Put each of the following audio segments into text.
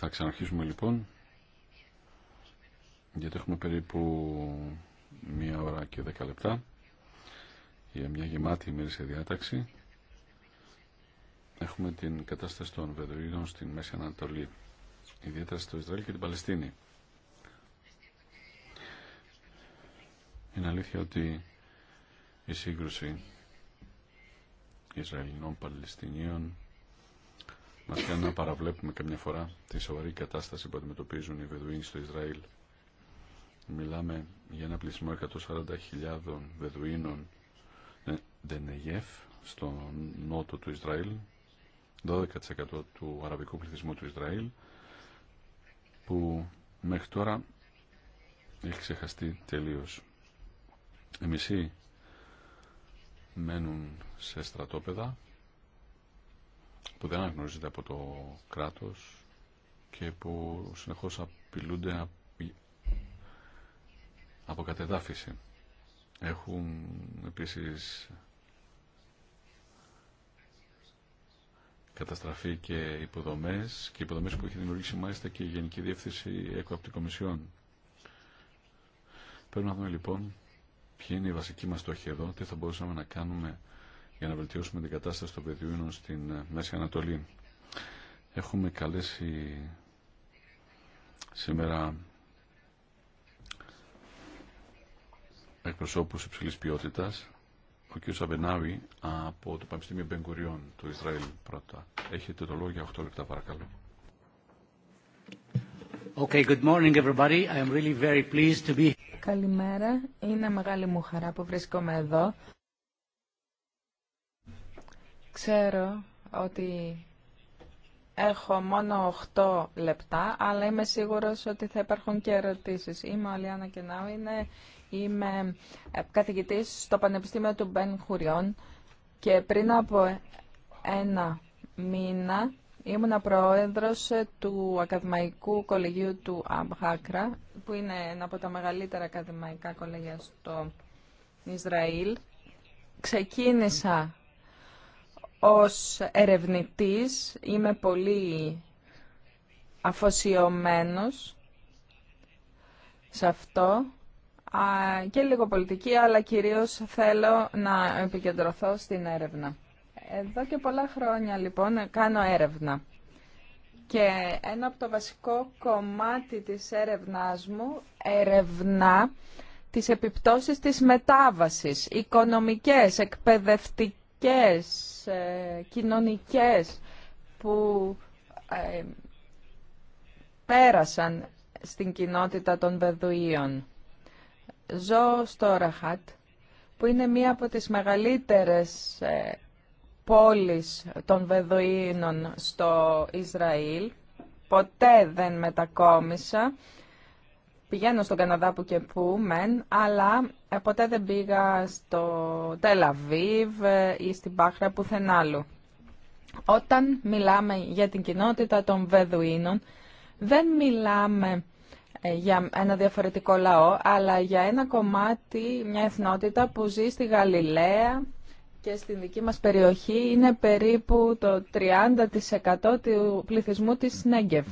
Θα ξαναρχίσουμε λοιπόν, γιατί έχουμε περίπου μία ώρα και δέκα λεπτά για μια γεμάτη σε διάταξη. Έχουμε την κατάσταση των Βεδοίδων στην Μέση Ανατολή, ιδιαίτερα στο Ισραήλ και την Παλαιστίνη. Είναι αλήθεια ότι η σύγκρουση Ισραηλινών Παλαιστινίων Μα κάνει να παραβλέπουμε καμιά φορά τη σοβαρή κατάσταση που αντιμετωπίζουν οι Βεδουίνοι στο Ισραήλ. Μιλάμε για ένα πληθυσμό 140.000 Βεδουίνων Ντενεγεφ στο νότο του Ισραήλ, 12% του αραβικού πληθυσμού του Ισραήλ, που μέχρι τώρα έχει ξεχαστεί τελείως. Οι μισοί μένουν σε στρατόπεδα που δεν αναγνωρίζεται από το κράτος και που συνεχώς απειλούνται από κατεδάφιση. Έχουν επίσης καταστραφεί και υποδομές και υποδομές που έχει δημιουργήσει μάλιστα και η Γενική Διεύθυνση Κομισιόν. Πρέπει να δούμε λοιπόν ποιοι είναι οι βασικοί μας στόχοι εδώ, τι θα μπορούσαμε να κάνουμε για να βελτιώσουμε την κατάσταση των παιδιών στην ε, Μέση Ανατολή. Έχουμε καλέσει σήμερα εκπροσώπους υψηλής ποιότητας ο κ. Σαμπενάβη από το Πανεπιστήμιο Μπενκουριών του Ισραήλ πρώτα. Έχετε το λόγο για 8 λεπτά παρακαλώ. Okay, good morning everybody. I am really very pleased to be Καλημέρα. Είναι μεγάλη μου χαρά που βρίσκομαι εδώ. Ξέρω ότι έχω μόνο 8 λεπτά, αλλά είμαι σίγουρος ότι θα υπάρχουν και ερωτήσεις. Είμαι ο Αλιάνα Κενάου, είναι, είμαι ε, καθηγητής στο Πανεπιστήμιο του Μπεν Χουριών και πριν από ένα μήνα ήμουν πρόεδρος ε, του Ακαδημαϊκού Κολεγίου του Αμπχάκρα, που είναι ένα από τα μεγαλύτερα ακαδημαϊκά κολεγία στο Ισραήλ. Ξεκίνησα ως ερευνητής είμαι πολύ αφοσιωμένος σε αυτό και λίγο πολιτική, αλλά κυρίως θέλω να επικεντρωθώ στην έρευνα. Εδώ και πολλά χρόνια λοιπόν κάνω έρευνα. Και ένα από το βασικό κομμάτι της έρευνάς μου, ερευνά τις επιπτώσεις της μετάβασης, οικονομικές, εκπαιδευτικές, πολιτικές, ε, κοινωνικές που ε, πέρασαν στην κοινότητα των Βεδουίων. Ζω στο Ραχάτ, που είναι μία από τις μεγαλύτερες ε, πόλεις των Βεδουίνων στο Ισραήλ. Ποτέ δεν μετακόμισα Πηγαίνω στον Καναδά που και που, μεν, αλλά ε, ποτέ δεν πήγα στο Τελαβίβ ε, ή στην Πάχρα πουθενάλλου. Όταν μιλάμε για την κοινότητα των Βεδουίνων, δεν μιλάμε ε, για ένα διαφορετικό λαό, αλλά για ένα κομμάτι, μια εθνότητα που ζει στη Γαλιλαία και στην δική μας περιοχή είναι περίπου το 30% του πληθυσμού της Νέγκευ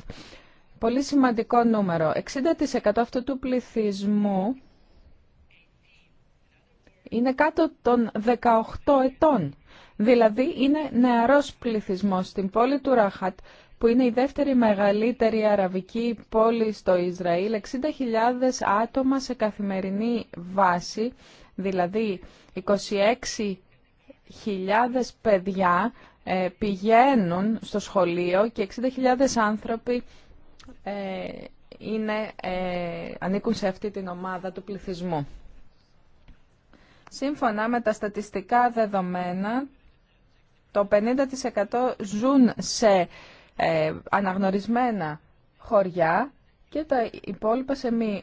πολύ σημαντικό νούμερο. 60% αυτού του πληθυσμού είναι κάτω των 18 ετών. Δηλαδή είναι νεαρός πληθυσμός στην πόλη του Ράχατ, που είναι η δεύτερη μεγαλύτερη αραβική πόλη στο Ισραήλ. 60.000 άτομα σε καθημερινή βάση, δηλαδή 26.000 παιδιά ε, πηγαίνουν στο σχολείο και 60.000 άνθρωποι ε, είναι, ε, ανήκουν σε αυτή την ομάδα του πληθυσμού. Σύμφωνα με τα στατιστικά δεδομένα, το 50% ζουν σε ε, αναγνωρισμένα χωριά και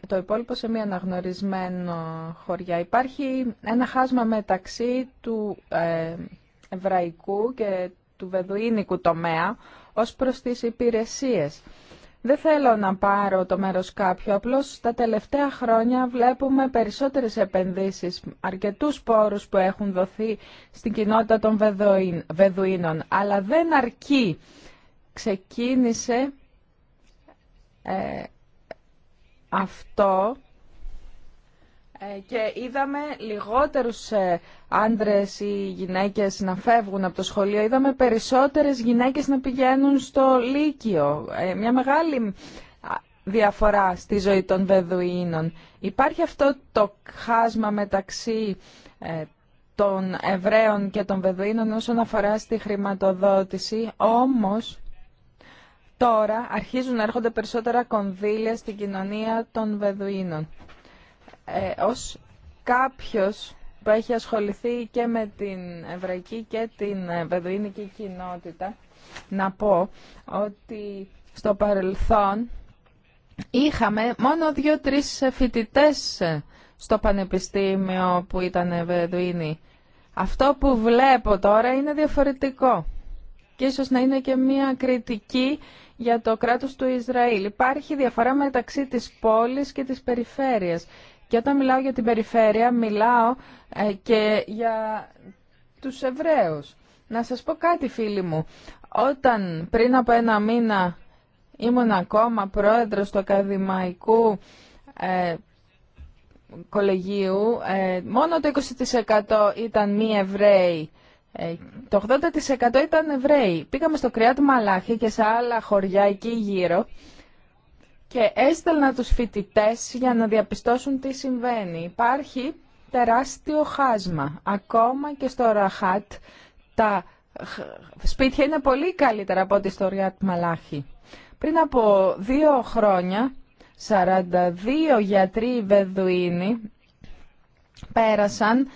το υπόλοιπο σε μη αναγνωρισμένο χωριά. Υπάρχει ένα χάσμα μεταξύ του εβραϊκού και του βεδουίνικου τομέα ως προς τις υπηρεσίες. Δεν θέλω να πάρω το μέρος κάποιου, απλώς τα τελευταία χρόνια βλέπουμε περισσότερες επενδύσεις, αρκετούς πόρους που έχουν δοθεί στην κοινότητα των Βεδουίνων, αλλά δεν αρκεί. Ξεκίνησε ε, αυτό ε, και είδαμε λιγότερους ε, άντρες ή γυναίκες να φεύγουν από το σχολείο. Είδαμε περισσότερες γυναίκες να πηγαίνουν στο Λύκειο. Ε, μια μεγάλη διαφορά στη ζωή των Βεδουίνων. Υπάρχει αυτό το χάσμα μεταξύ των Εβραίων και των Βεδουίνων όσον αφορά στη χρηματοδότηση, όμως τώρα αρχίζουν να έρχονται περισσότερα κονδύλια στην κοινωνία των Βεδουίνων ε, ως κάποιος που έχει ασχοληθεί και με την εβραϊκή και την ε, βεδουίνικη κοινότητα να πω ότι στο παρελθόν είχαμε μόνο δύο-τρεις φοιτητές στο πανεπιστήμιο που ήταν βεδουίνοι. Αυτό που βλέπω τώρα είναι διαφορετικό και ίσως να είναι και μια κριτική για το κράτος του Ισραήλ. Υπάρχει διαφορά μεταξύ της πόλης και της περιφέρειας και όταν μιλάω για την περιφέρεια, μιλάω ε, και για τους Εβραίους. Να σας πω κάτι φίλοι μου. Όταν πριν από ένα μήνα ήμουν ακόμα πρόεδρος του Ακαδημαϊκού ε, Κολεγίου, ε, μόνο το 20% ήταν μη Εβραίοι. Ε, το 80% ήταν Εβραίοι. Πήγαμε στο Κριάτ Μαλάχη και σε άλλα χωριά εκεί γύρω και έστελνα τους φοιτητές για να διαπιστώσουν τι συμβαίνει. Υπάρχει τεράστιο χάσμα. Ακόμα και στο Ραχάτ τα σπίτια είναι πολύ καλύτερα από ό,τι στο Ριάτ Μαλάχη. Πριν από δύο χρόνια, 42 γιατροί Βεδουίνοι πέρασαν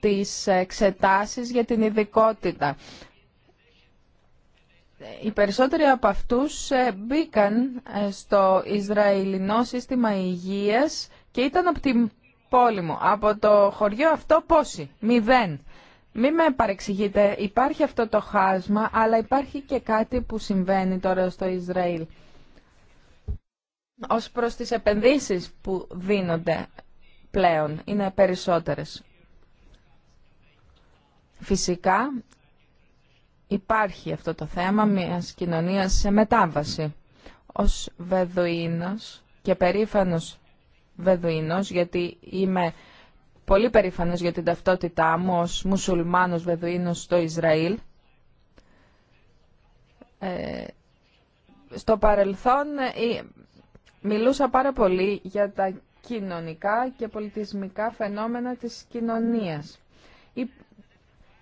τις εξετάσεις για την ειδικότητα οι περισσότεροι από αυτούς ε, μπήκαν ε, στο Ισραηλινό σύστημα υγείας και ήταν από την πόλη μου. Από το χωριό αυτό πόσοι, μηδέν. Μην με παρεξηγείτε, υπάρχει αυτό το χάσμα, αλλά υπάρχει και κάτι που συμβαίνει τώρα στο Ισραήλ. Ως προς τις επενδύσεις που δίνονται πλέον, είναι περισσότερες. Φυσικά υπάρχει αυτό το θέμα μιας κοινωνίας σε μετάβαση. Ως Βεδουίνος και περήφανος Βεδουίνος, γιατί είμαι πολύ περήφανος για την ταυτότητά μου ως μουσουλμάνος Βεδουίνος στο Ισραήλ, ε, στο παρελθόν ε, ε, μιλούσα πάρα πολύ για τα κοινωνικά και πολιτισμικά φαινόμενα της κοινωνίας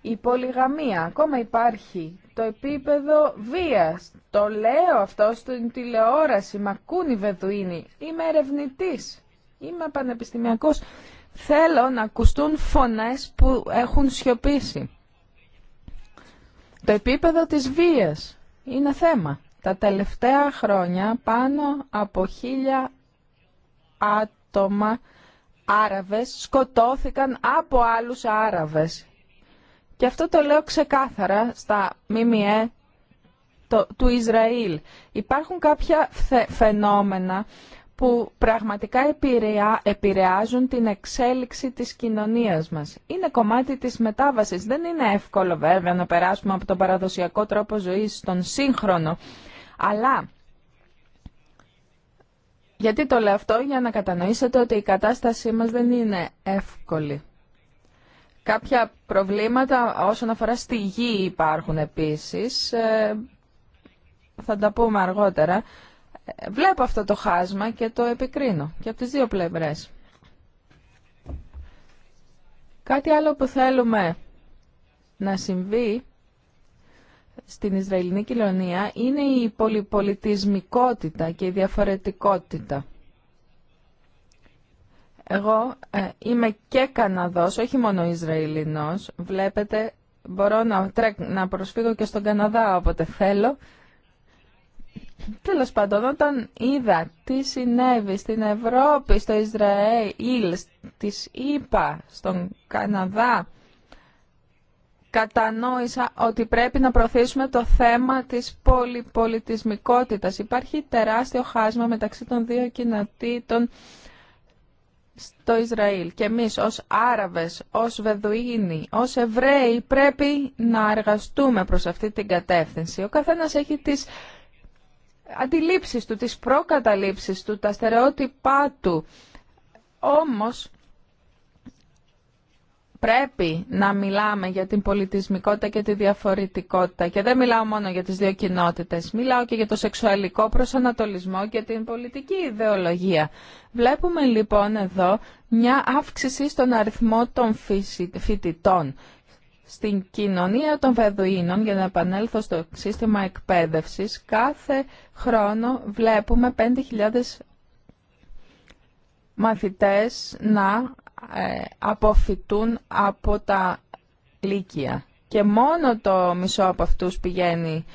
η πολυγαμία. Ακόμα υπάρχει το επίπεδο βίας. Το λέω αυτό στην τηλεόραση. μα ακούν οι Βεδουίνοι. Είμαι ερευνητή. Είμαι πανεπιστημιακός. Θέλω να ακουστούν φωνές που έχουν σιωπήσει. Το επίπεδο της βίας είναι θέμα. Τα τελευταία χρόνια πάνω από χίλια άτομα Άραβες σκοτώθηκαν από άλλους Άραβες και αυτό το λέω ξεκάθαρα στα ΜΜΕ το, του Ισραήλ. Υπάρχουν κάποια φαινόμενα που πραγματικά επηρεάζουν την εξέλιξη της κοινωνίας μας. Είναι κομμάτι της μετάβασης. Δεν είναι εύκολο βέβαια να περάσουμε από τον παραδοσιακό τρόπο ζωής στον σύγχρονο. Αλλά γιατί το λέω αυτό, για να κατανοήσετε ότι η κατάστασή μας δεν είναι εύκολη. Κάποια προβλήματα όσον αφορά στη γη υπάρχουν επίσης, ε, θα τα πούμε αργότερα. Ε, βλέπω αυτό το χάσμα και το επικρίνω και από τις δύο πλευρές. Κάτι άλλο που θέλουμε να συμβεί στην Ισραηλινή κοινωνία είναι η πολυπολιτισμικότητα και η διαφορετικότητα. Εγώ ε, είμαι και Καναδός, όχι μόνο Ισραηλινός. Βλέπετε, μπορώ να, να προσφύγω και στον Καναδά όποτε θέλω. Τέλος πάντων, όταν είδα τι συνέβη στην Ευρώπη, στο Ισραήλ, της είπα στον Καναδά, κατανόησα ότι πρέπει να προωθήσουμε το θέμα της πολυπολιτισμικότητας. Υπάρχει τεράστιο χάσμα μεταξύ των δύο κοινοτήτων στο Ισραήλ και εμείς ως Άραβες, ως Βεδουίνοι, ως Εβραίοι πρέπει να εργαστούμε προς αυτή την κατεύθυνση. Ο καθένας έχει τις αντιλήψεις του, τις προκαταλήψεις του, τα στερεότυπά του. Όμως πρέπει να μιλάμε για την πολιτισμικότητα και τη διαφορετικότητα και δεν μιλάω μόνο για τις δύο κοινότητες, μιλάω και για το σεξουαλικό προσανατολισμό και την πολιτική ιδεολογία. Βλέπουμε λοιπόν εδώ μια αύξηση στον αριθμό των φοιτητών στην κοινωνία των Βεδουίνων, για να επανέλθω στο σύστημα εκπαίδευσης, κάθε χρόνο βλέπουμε 5.000 μαθητές να ε, αποφυτούν από τα λύκεια. Και μόνο το μισό από αυτούς πηγαίνει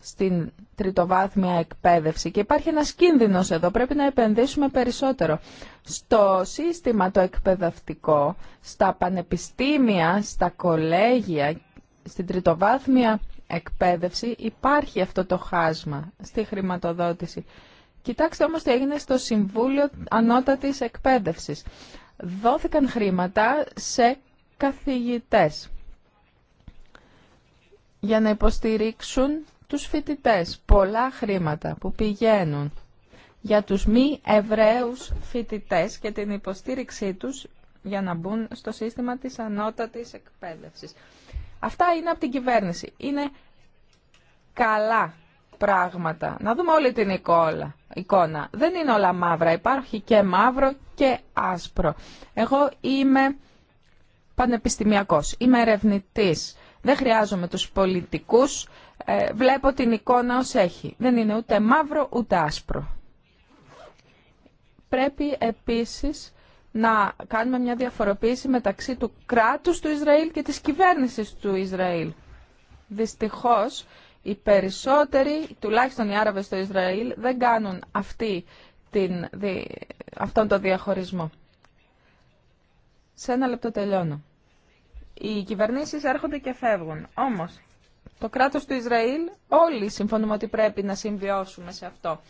στην τριτοβάθμια εκπαίδευση. Και υπάρχει ένας κίνδυνος εδώ, πρέπει να επενδύσουμε περισσότερο. Στο σύστημα το εκπαιδευτικό, στα πανεπιστήμια, στα κολέγια, στην τριτοβάθμια εκπαίδευση υπάρχει αυτό το χάσμα στη χρηματοδότηση. Κοιτάξτε όμως τι έγινε στο Συμβούλιο Ανώτατης Εκπαίδευσης δόθηκαν χρήματα σε καθηγητές για να υποστηρίξουν τους φοιτητές. Πολλά χρήματα που πηγαίνουν για τους μη Εβραίους φοιτητές και την υποστήριξή τους για να μπουν στο σύστημα της ανώτατης εκπαίδευσης. Αυτά είναι από την κυβέρνηση. Είναι καλά πράγματα. Να δούμε όλη την εικόνα. Δεν είναι όλα μαύρα. Υπάρχει και μαύρο και άσπρο. Εγώ είμαι πανεπιστημιακός. Είμαι ερευνητής. Δεν χρειάζομαι τους πολιτικούς. Ε, βλέπω την εικόνα ως έχει. Δεν είναι ούτε μαύρο ούτε άσπρο. Πρέπει επίσης να κάνουμε μια διαφοροποίηση μεταξύ του κράτους του Ισραήλ και της κυβέρνησης του Ισραήλ. Δυστυχώς οι περισσότεροι, τουλάχιστον οι Άραβες στο Ισραήλ, δεν κάνουν αυτή την, αυτόν τον διαχωρισμό. Σε ένα λεπτό τελειώνω. Οι κυβερνήσεις έρχονται και φεύγουν. Όμως, το κράτος του Ισραήλ, όλοι συμφωνούμε ότι πρέπει να συμβιώσουμε σε αυτό.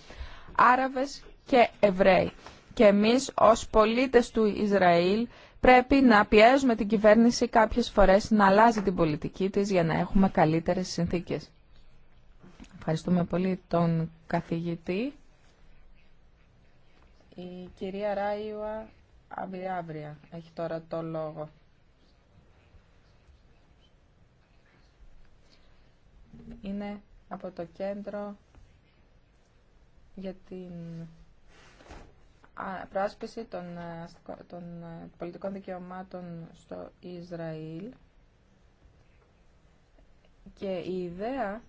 Άραβες και Εβραίοι. Και εμείς ως πολίτες του Ισραήλ πρέπει να πιέζουμε την κυβέρνηση κάποιες φορές να αλλάζει την πολιτική της για να έχουμε καλύτερες συνθήκες. Ευχαριστούμε πολύ τον καθηγητή. Η κυρία Ράιουα Αμπριάβρια έχει τώρα το λόγο. Είναι από το κέντρο για την πράσπιση των, ε, των ε, πολιτικών δικαιωμάτων στο Ισραήλ και η ιδέα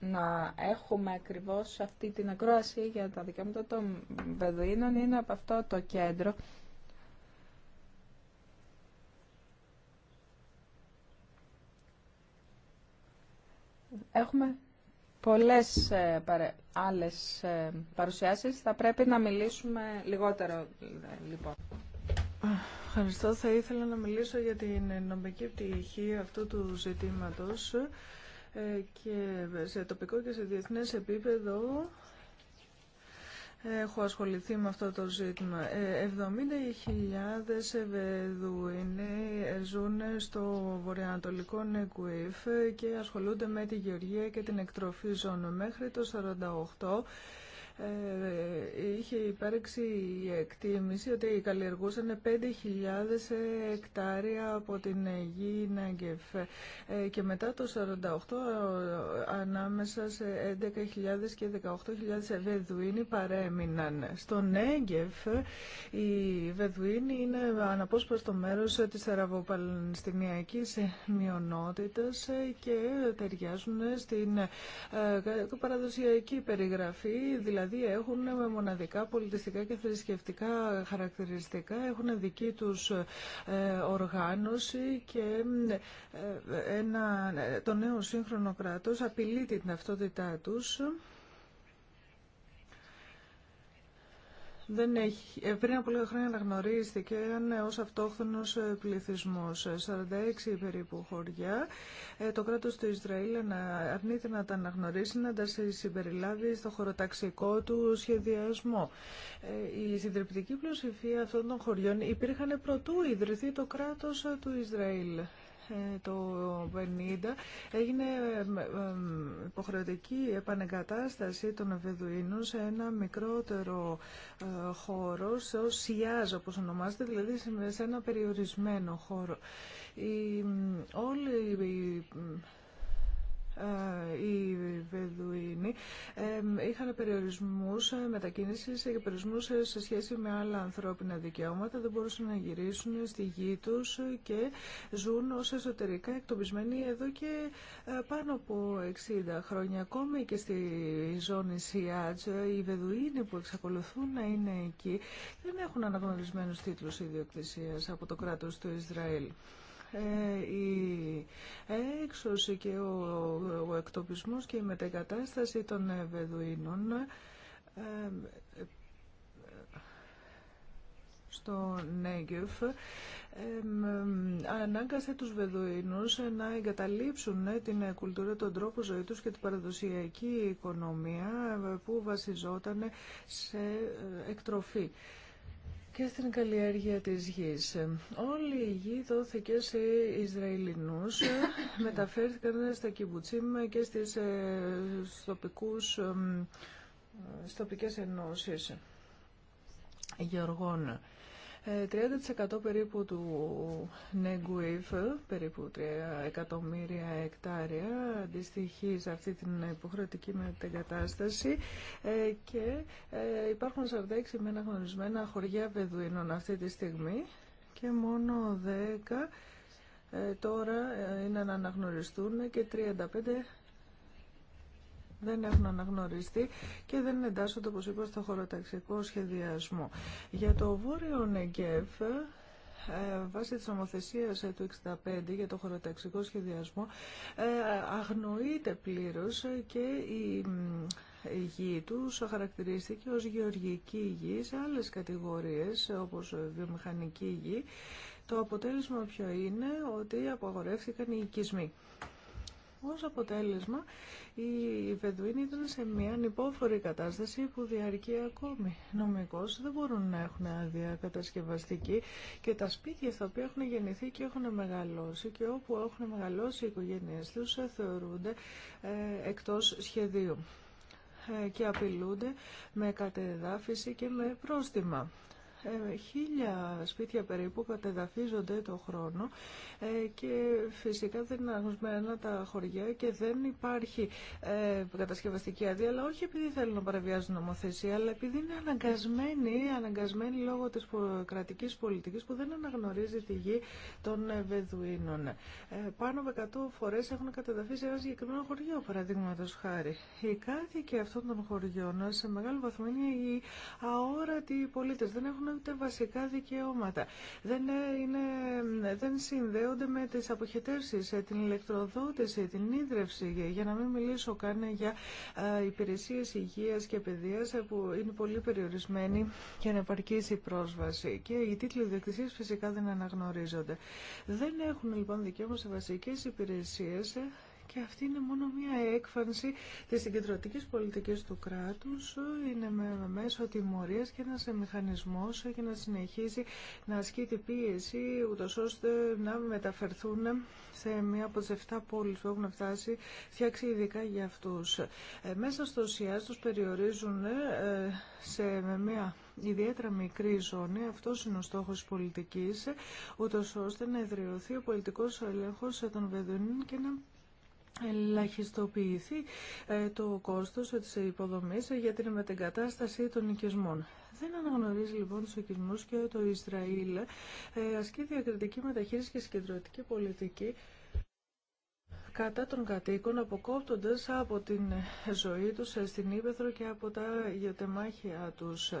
να έχουμε ακριβώς αυτή την ακρόαση για τα δικαιώματα των Βεδοίνων είναι από αυτό το κέντρο. Έχουμε πολλές ε, άλλες ε, παρουσιάσεις. Θα πρέπει να μιλήσουμε λιγότερο, λοιπόν. Ευχαριστώ. Θα ήθελα να μιλήσω για την νομική πτυχή αυτού του ζητήματος. Ε, και σε τοπικό και σε διεθνές επίπεδο ε, έχω ασχοληθεί με αυτό το ζήτημα. 70.000 ε, Εβεδουίνοι ζουν στο βορειοανατολικό Νεκουίφ και ασχολούνται με τη γεωργία και την εκτροφή ζώνων. Μέχρι το 48 ε, είχε υπάρξει η εκτίμηση ότι καλλιεργούσαν 5.000 εκτάρια από την γη Ναγκεφ ε, και μετά το 1948 ανάμεσα σε 11.000 και 18.000 Βεδουίνοι παρέμειναν. Στο Νέγκεφ οι Βεδουίνοι είναι αναπόσπαστο μέρος της αραβοπαλαιστινιακής μειονότητας και ταιριάζουν στην ε, παραδοσιακή περιγραφή, δηλαδή δηλαδή έχουν μοναδικά πολιτιστικά και θρησκευτικά χαρακτηριστικά, έχουν δική τους ε, οργάνωση και ε, ένα, ε, το νέο σύγχρονο κράτος απειλεί την ταυτότητά τους δεν έχει, ε, πριν από λίγα χρόνια αναγνωρίστηκε ως αυτόχθονος ε, πληθυσμός. 46 ε, περίπου χωριά. Το κράτος του Ισραήλ αρνείται να τα αναγνωρίσει, να τα συμπεριλάβει στο χωροταξικό του σχεδιασμό. Η συντριπτική πλειοψηφία αυτών των χωριών υπήρχαν προτού ιδρυθεί το κράτος του Ισραήλ το 1950 έγινε υποχρεωτική επανεγκατάσταση των Βεδουίνων σε ένα μικρότερο ε, χώρο, σε Σιάζ όπως ονομάζεται, δηλαδή σε ένα περιορισμένο χώρο. όλοι οι ε, οι Βεδουίνοι είχαν περιορισμούς ε, μετακίνησης και περιορισμούς σε σχέση με άλλα ανθρώπινα δικαιώματα, δεν μπορούσαν να γυρίσουν στη γη τους και ζουν ως εσωτερικά εκτοπισμένοι εδώ και ε, πάνω από 60 χρόνια. Ακόμη και στη ζώνη Σιάτζ, οι Βεδουίνοι που εξακολουθούν να είναι εκεί δεν έχουν αναγνωρισμένους τίτλους ιδιοκτησίας από το κράτος του Ισραήλ. Ε, η έξωση και ο εκτοπισμός και η μετεγκατάσταση των Βεδουίνων ε, στο Νέγκεφ ε, ανάγκασε τους Βεδουίνους να εγκαταλείψουν την κουλτούρα, τον τρόπο ζωής τους και την παραδοσιακή οικονομία που βασιζόταν σε εκτροφή και στην καλλιέργεια της γης. Όλη η γη δόθηκε σε Ισραηλινούς, μεταφέρθηκαν στα κιμπουτσίμ και στις ε, τοπικούς, ε, ε, στοπικές τοπικές ενώσεις γεωργών. 30% ε, περίπου του Νεγκουίφ, περίπου 3 εκατομμύρια εκτάρια, αντιστοιχεί σε αυτή την υποχρεωτική μετεγκατάσταση ε, και ε, υπάρχουν 46 με αναγνωρισμένα χωριά Βεδουίνων αυτή τη στιγμή και μόνο 10 τώρα είναι να αναγνωριστούν και 35 δεν έχουν αναγνωριστεί και δεν εντάσσονται, όπως είπα, στο χωροταξικό σχεδιασμό. Για το Βόρειο Νεγκέφ, ε, βάσει της νομοθεσίας ε, του 65 για το χωροταξικό σχεδιασμό, ε, αγνοείται πλήρως και η η γη τους χαρακτηρίστηκε ως γεωργική γη σε άλλες κατηγορίες όπως βιομηχανική γη. Το αποτέλεσμα ποιο είναι ότι απαγορεύτηκαν οι οικισμοί. Ως αποτέλεσμα, οι Βεδουίνοι ήταν σε μια ανυπόφορη κατάσταση που διαρκεί ακόμη. Νομικώς δεν μπορούν να έχουν άδεια κατασκευαστική και τα σπίτια στα οποία έχουν γεννηθεί και έχουν μεγαλώσει και όπου έχουν μεγαλώσει οι οικογένειές τους θεωρούνται ε, εκτός σχεδίου ε, και απειλούνται με κατεδάφιση και με πρόστιμα. Ε, χίλια σπίτια περίπου κατεδαφίζονται το χρόνο ε, και φυσικά δεν είναι αγνωσμένα τα χωριά και δεν υπάρχει ε, κατασκευαστική άδεια, αλλά όχι επειδή θέλουν να παραβιάζουν νομοθεσία, αλλά επειδή είναι αναγκασμένοι, αναγκασμένοι λόγω της κρατικής πολιτικής που δεν αναγνωρίζει τη γη των Βεδουίνων. Πάνω από 100 φορές έχουν κατεδαφίσει ένα συγκεκριμένο χωριό, παραδείγματο χάρη. Οι κάτοικοι αυτών των χωριών σε μεγάλο βαθμό είναι οι αόρατοι πολίτες. Δεν έχουν ούτε βασικά δικαιώματα. Δεν, ε, είναι, δεν συνδέονται με τις αποχετεύσεις, ε, την ηλεκτροδότηση, την ίδρυυση, για να μην μιλήσω καν για ε, υπηρεσίες υγείας και παιδείας που είναι πολύ περιορισμένοι και να επαρκήσει η πρόσβαση. Και οι τίτλοι διεκτησίες φυσικά δεν αναγνωρίζονται. Δεν έχουν λοιπόν δικαίωμα σε βασικές υπηρεσίες και αυτή είναι μόνο μία έκφανση της συγκεντρωτικής πολιτικής του κράτους. Είναι με μέσω τιμωρίας και ένας μηχανισμός για να συνεχίσει να ασκεί την πίεση, ούτως ώστε να μεταφερθούν σε μία από τις 7 πόλεις που έχουν φτάσει, φτιάξει ειδικά για αυτούς. Ε, μέσα στο ΣΥΑΣ τους περιορίζουν ε, σε μία ιδιαίτερα μικρή ζώνη, αυτό είναι ο στόχο τη πολιτική, ούτω ώστε να εδραιωθεί ο πολιτικό έλεγχο των Βεδονίων και να ελαχιστοποιηθεί ε, το κόστος της υποδομής για την μετεγκατάσταση των οικισμών. Δεν αναγνωρίζει λοιπόν του οικισμούς και το Ισραήλ ε, ασκεί διακριτική μεταχείριση και συγκεντρωτική πολιτική κατά των κατοίκων αποκόπτοντας από την ζωή τους ε, στην Ήπεθρο και από τα γεωτεμάχια τους. Ε,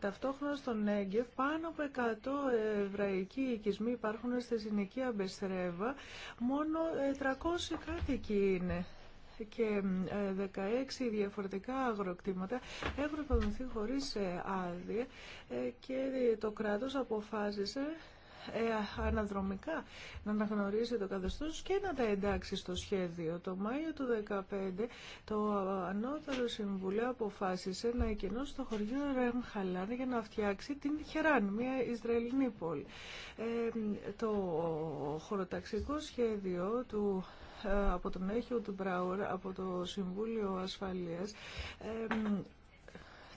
ταυτόχρονα στον Έγκεφ πάνω από 100 εβραϊκοί οικισμοί υπάρχουν στη συνοικία Μπεστρέβα, μόνο 300 ε, κάτοικοι είναι και 16 διαφορετικά αγροκτήματα έχουν υποδομηθεί χωρίς άδεια και το κράτος αποφάσισε ε, αναδρομικά να αναγνωρίσει το καθεστώς και να τα εντάξει στο σχέδιο. Το Μάιο του 2015 το Ανώτερο Συμβουλίο αποφάσισε να εκενώσει το χωριό Ρεμχαλάν για να φτιάξει την Χεράν, μια Ισραηλινή πόλη. Ε, το χωροταξικό σχέδιο του ε, από τον Έχιο του Μπράουρ, από το Συμβούλιο Ασφαλείας,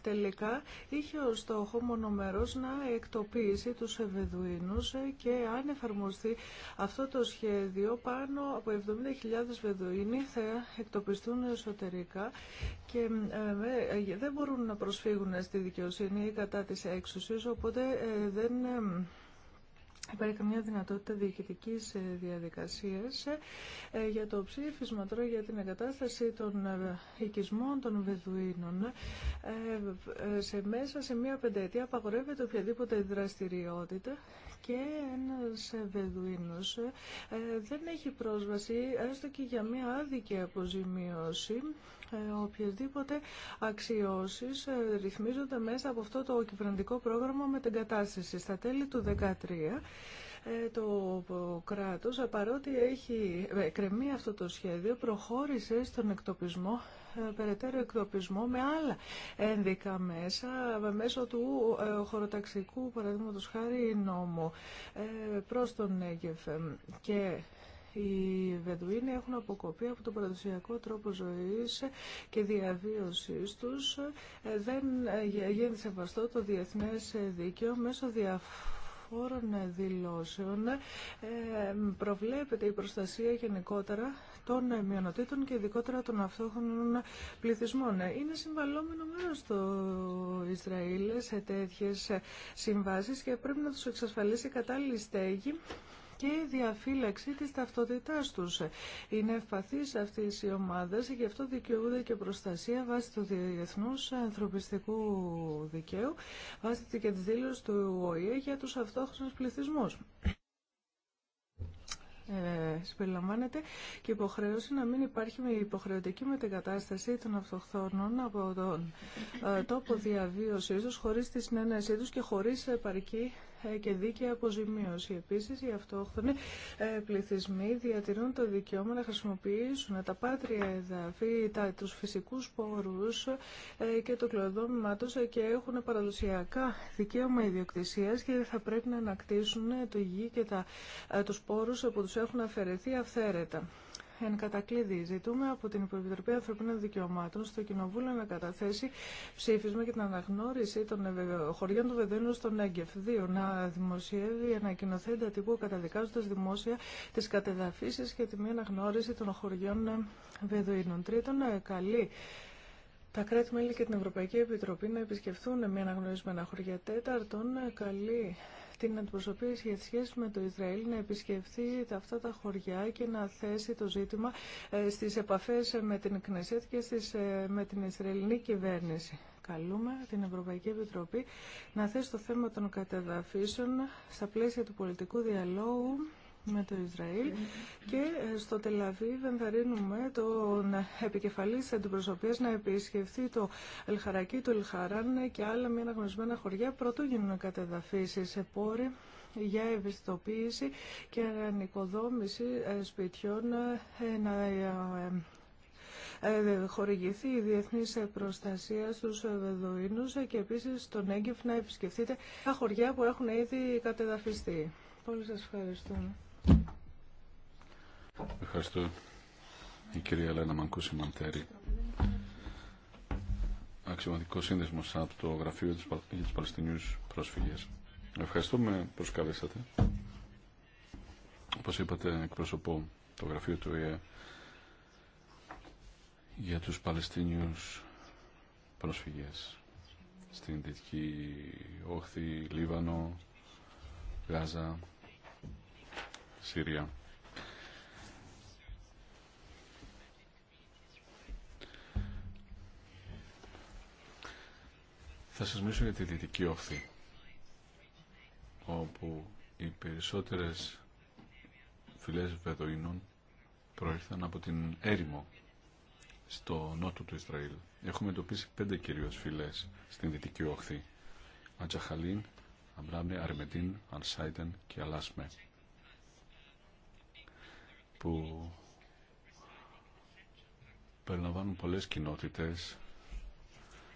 τελικά είχε ως στόχο μονομερός να εκτοπίσει τους Βεδουίνους και αν εφαρμοστεί αυτό το σχέδιο πάνω από 70.000 Βεδουίνοι θα εκτοπιστούν εσωτερικά και ε, δεν μπορούν να προσφύγουν στη δικαιοσύνη κατά της έξουσης οπότε ε, δεν ε, Υπάρχει καμία δυνατότητα διοικητική ε, διαδικασία ε, ε, για το ψήφισμα τώρα για την εγκατάσταση των οικισμών των Βεδουίνων. Σε μέσα σε μία πενταετία απαγορεύεται οποιαδήποτε δραστηριότητα και ένας Βεδουίνος ε, δεν έχει πρόσβαση έστω και για μία άδικη αποζημίωση ε, οποιασδήποτε αξιώσεις ε, ρυθμίζονται μέσα από αυτό το κυβερνητικό πρόγραμμα με την κατάσταση. Στα τέλη του 2013 το κράτος, παρότι έχει κρεμεί αυτό το σχέδιο, προχώρησε στον εκτοπισμό ε, περαιτέρω εκτοπισμό με άλλα ένδικα μέσα, μέσω του ε, χωροταξικού παραδείγματο χάρη νόμου ε, προς τον έγεφε Και οι Βεντουίνοι έχουν αποκοπεί από τον παραδοσιακό τρόπο ζωής και διαβίωσής τους. Δεν γίνεται σεβαστό το διεθνές δίκαιο μέσω διαφόρων διαφόρων δηλώσεων προβλέπεται η προστασία γενικότερα των ε, μειονοτήτων και ειδικότερα των αυτόχων ε, πληθυσμών. Ε, είναι συμβαλόμενο μέρο το Ισραήλ σε τέτοιε συμβάσει και πρέπει να του εξασφαλίσει κατάλληλη στέγη και διαφύλαξη της ταυτότητάς τους. Είναι ευπαθείς αυτή οι ομάδες, γι' αυτό δικαιούνται και προστασία βάσει του Διεθνούς Ανθρωπιστικού Δικαίου, βάσει και τη δήλωση του ΟΗΕ για τους αυτόχρονους πληθυσμούς. Ε, συμπεριλαμβάνεται και υποχρέωση να μην υπάρχει με υποχρεωτική μετεγκατάσταση των αυτοχθόνων από τον ε, τόπο διαβίωσή του, χωρίς τη συνένεσή του και χωρί επαρκή ε, και δίκαιη αποζημίωση. Επίσης, οι αυτόχθονοι ε, πληθυσμοί διατηρούν το δικαίωμα να χρησιμοποιήσουν τα πάτρια εδάφη, του τους φυσικούς πόρους ε, και το κλωδόμημά τους και έχουν παραδοσιακά δικαίωμα ιδιοκτησίας και θα πρέπει να ανακτήσουν το γη και τα, τους πόρους που τους έχουν αφαιρεθεί αυθαίρετα. Εν κατακλείδη, ζητούμε από την Υποεπιτροπή Ανθρωπίνων Δικαιωμάτων στο Κοινοβούλιο να καταθέσει ψήφισμα για την αναγνώριση των χωριών του Βεδένου στον Έγκεφ. 2. Να δημοσιεύει ανακοινοθέντα τύπου καταδικάζοντα δημόσια τι κατεδαφίσει και τη μη αναγνώριση των χωριών ε, Βεδουίνων. Τρίτον, ε, καλή τα κράτη-μέλη και την Ευρωπαϊκή Επιτροπή να επισκεφθούν μια αναγνωρισμένα χωριά τέταρτον, ε, καλή την αντιπροσωπή για με το Ισραήλ να επισκεφθεί αυτά τα χωριά και να θέσει το ζήτημα ε, στις επαφές με την Κνεσέτ και στις, ε, με την Ισραηλινή κυβέρνηση. Καλούμε την Ευρωπαϊκή Επιτροπή να θέσει το θέμα των κατεδαφίσεων στα πλαίσια του πολιτικού διαλόγου με το Ισραήλ και ε, στο Τελαβίβ ενθαρρύνουμε τον επικεφαλής την αντιπροσωπείας να επισκεφθεί το Ελχαρακή, το Ελχαράν και άλλα μια αναγνωσμένα χωριά πρωτού γίνουν κατεδαφίσεις σε πόρη για ευαισθητοποίηση και ανοικοδόμηση ε, σπιτιών ε, να χορηγηθεί η διεθνής προστασία στους Βεδοίνους και επίσης τον έγκυφ να επισκεφτείτε τα χωριά που έχουν ήδη κατεδαφιστεί. Πολύ σας ευχαριστούμε. Ευχαριστώ η κυρία Λένα Μανκούση Μαντέρη αξιωματικό σύνδεσμο από το Γραφείο για του Παλαιστινίου Πρόσφυγε. Ευχαριστούμε που με προσκαλέσατε. Όπω είπατε, εκπροσωπώ το Γραφείο του για τους Παλαιστινίου Πρόσφυγε στην Δυτική Όχθη, Λίβανο, Γάζα, Συρία. Θα σας μιλήσω για τη Δυτική Όχθη, όπου οι περισσότερες φυλές Βεδοίνων προήλθαν από την έρημο στο νότο του Ισραήλ. Έχουμε εντοπίσει πέντε κυρίως φυλές στην Δυτική Όχθη. Ατζαχαλίν, Αμπράμνε, Αρμετίν, Αλσάιτεν και Αλάσμε που περιλαμβάνουν πολλές κοινότητες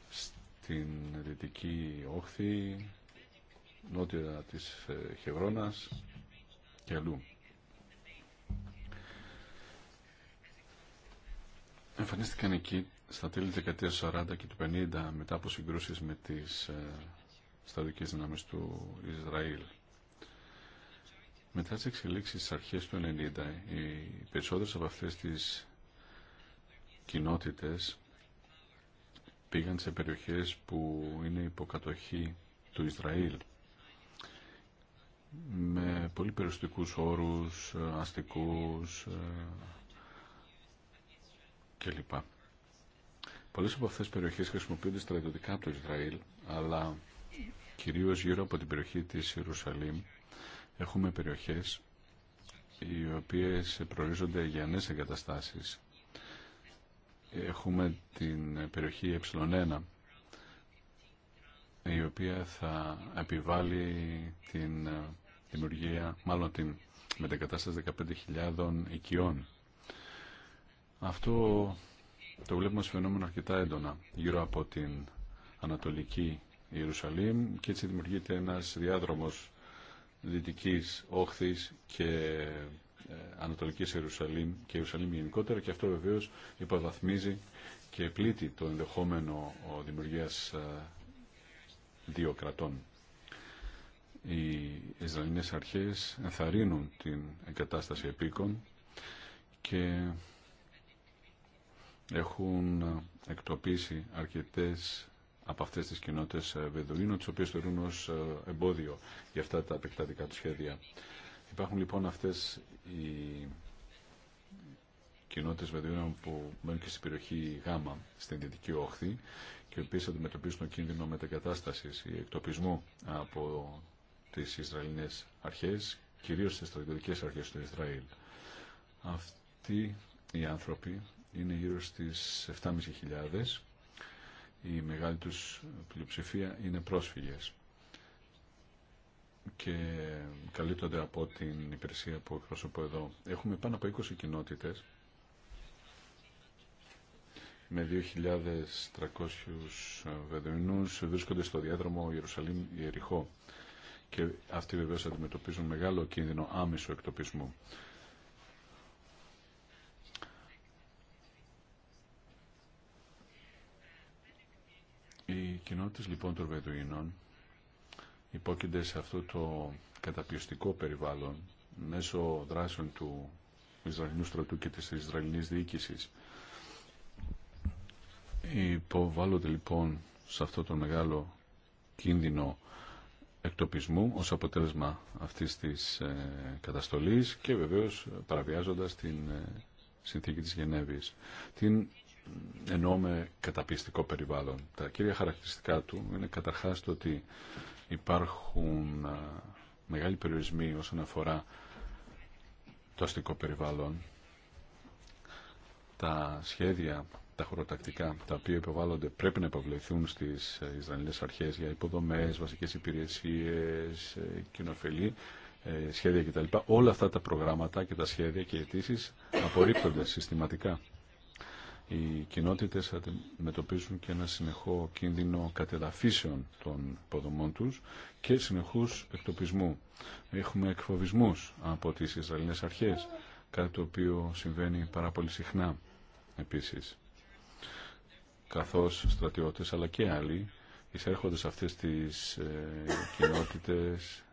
στην Δυτική Όχθη, νότια της ε, Χευρώνας και αλλού. Εμφανίστηκαν εκεί στα τέλη της δεκαετίας 40 και του 50 μετά από συγκρούσεις με τις ε, στρατικές δυνάμεις του Ισραήλ. Μετά τις εξελίξεις στις αρχές του 90, οι περισσότερες από αυτές τις κοινότητες πήγαν σε περιοχές που είναι υποκατοχή του Ισραήλ με πολύ περιοριστικούς όρους, ε, αστικούς ε, κλπ. Πολλές από αυτές τις περιοχές χρησιμοποιούνται στρατιωτικά από το Ισραήλ, αλλά κυρίως γύρω από την περιοχή της Ιερουσαλήμ έχουμε περιοχές οι οποίες προορίζονται για νέες εγκαταστάσεις. Έχουμε την περιοχή ε1 η οποία θα επιβάλλει την δημιουργία, μάλλον την μετακατάσταση 15.000 οικειών. Αυτό το βλέπουμε ως φαινόμενο αρκετά έντονα γύρω από την Ανατολική Ιερουσαλήμ και έτσι δημιουργείται ένας διάδρομος Δυτικής Όχθης και ε, Ανατολικής Ιερουσαλήμ και Ιερουσαλήμ γενικότερα και αυτό βεβαίως υποβαθμίζει και πλήττει το ενδεχόμενο δημιουργίας ε, δύο κρατών. Οι Ισραηλινές αρχές ενθαρρύνουν την εγκατάσταση επίκων και έχουν ε, εκτοπίσει αρκετές από αυτέ τι κοινότητε ε, Βεδουίνων, τι οποίε θεωρούν ω ε, εμπόδιο για αυτά τα επεκτατικά του σχέδια. Υπάρχουν λοιπόν αυτέ οι κοινότητε Βεδουίνων που μένουν και στην περιοχή Γ, στην Δυτική Όχθη, και οι οποίε αντιμετωπίζουν τον κίνδυνο μετακατάστασης ή εκτοπισμού από τι Ισραηλινέ αρχέ, κυρίω τι στρατιωτικέ αρχέ του Ισραήλ. Αυτοί οι άνθρωποι είναι γύρω στις 7.500 η μεγάλη τους πλειοψηφία είναι πρόσφυγες και καλύπτονται από την υπηρεσία που εκπροσωπώ εδώ. Έχουμε πάνω από 20 κοινότητες με 2.300 Βεδοινούς βρίσκονται στο διάδρομο Ιερουσαλήμ-Ιεριχώ και αυτοί βεβαίως αντιμετωπίζουν μεγάλο κίνδυνο άμεσο εκτοπισμού. κοινότητες λοιπόν των Βεδουίνων υπόκεινται σε αυτό το καταπιωστικό περιβάλλον μέσω δράσεων του Ισραηλινού στρατού και της Ισραηλινής διοίκησης. Υποβάλλονται λοιπόν σε αυτό το μεγάλο κίνδυνο εκτοπισμού ως αποτέλεσμα αυτής της ε, καταστολής και βεβαίως παραβιάζοντας την ε, συνθήκη της Γενέβης. Την ενώ με καταπιστικό περιβάλλον. Τα κύρια χαρακτηριστικά του είναι καταρχάς το ότι υπάρχουν μεγάλοι περιορισμοί όσον αφορά το αστικό περιβάλλον. Τα σχέδια, τα χωροτακτικά, τα οποία υποβάλλονται πρέπει να υποβληθούν στις ε, Ισραηλινές αρχές για υποδομές, βασικές υπηρεσίες, ε, κοινοφελή, ε, σχέδια κτλ. Όλα αυτά τα προγράμματα και τα σχέδια και αιτήσει απορρίπτονται συστηματικά οι κοινότητες αντιμετωπίζουν και ένα συνεχό κίνδυνο κατεδαφίσεων των υποδομών τους και συνεχούς εκτοπισμού. Έχουμε εκφοβισμούς από τις Ισραηλινές αρχές, κάτι το οποίο συμβαίνει πάρα πολύ συχνά επίσης. Καθώς στρατιώτες αλλά και άλλοι εισέρχονται σε αυτές τις ε, κοινότητες,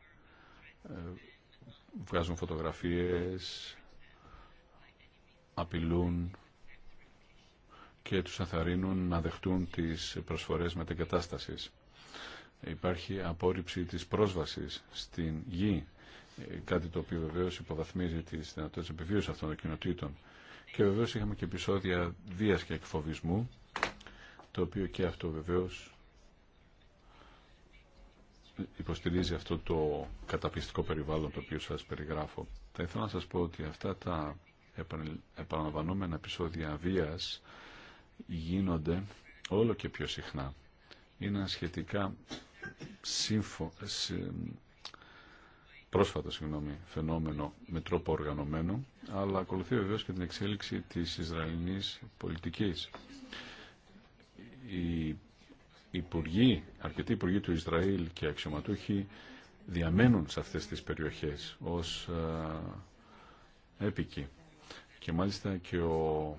ε, βγάζουν φωτογραφίες, απειλούν και τους αθαρρύνουν να δεχτούν τις προσφορές μετεγκατάστασης. Υπάρχει απόρριψη της πρόσβασης στην γη, κάτι το οποίο βεβαίως υποβαθμίζει τις δυνατότητες επιβίωσης αυτών των κοινοτήτων. Και βεβαίως είχαμε και επεισόδια βίας και εκφοβισμού, το οποίο και αυτό βεβαίως υποστηρίζει αυτό το καταπιστικό περιβάλλον το οποίο σας περιγράφω. Θα ήθελα να σας πω ότι αυτά τα επαναλαμβανόμενα επεισόδια βίας γίνονται όλο και πιο συχνά. Είναι σχετικά σύμφω, πρόσφατο συγγνώμη, φαινόμενο με τρόπο οργανωμένο, αλλά ακολουθεί βεβαίω και την εξέλιξη της Ισραηλινής πολιτικής. Οι υπουργοί, αρκετοί υπουργοί του Ισραήλ και αξιωματούχοι διαμένουν σε αυτές τις περιοχές ως ε, έπικοι. Και μάλιστα και ο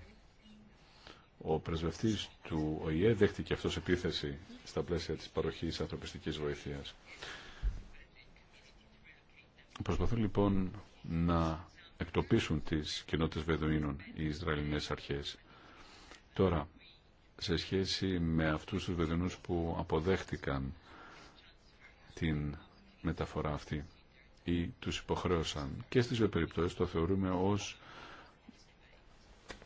ο πρεσβευτή του ΟΗΕ δέχτηκε αυτό επίθεση στα πλαίσια της παροχής ανθρωπιστικής βοήθειας. Προσπαθούν λοιπόν να εκτοπίσουν τις κοινότητε Βεδοίνων οι Ισραηλινές αρχές. Τώρα, σε σχέση με αυτού τους Βεδοίνους που αποδέχτηκαν την μεταφορά αυτή ή τους υποχρέωσαν και στις δύο περιπτώσεις το θεωρούμε ως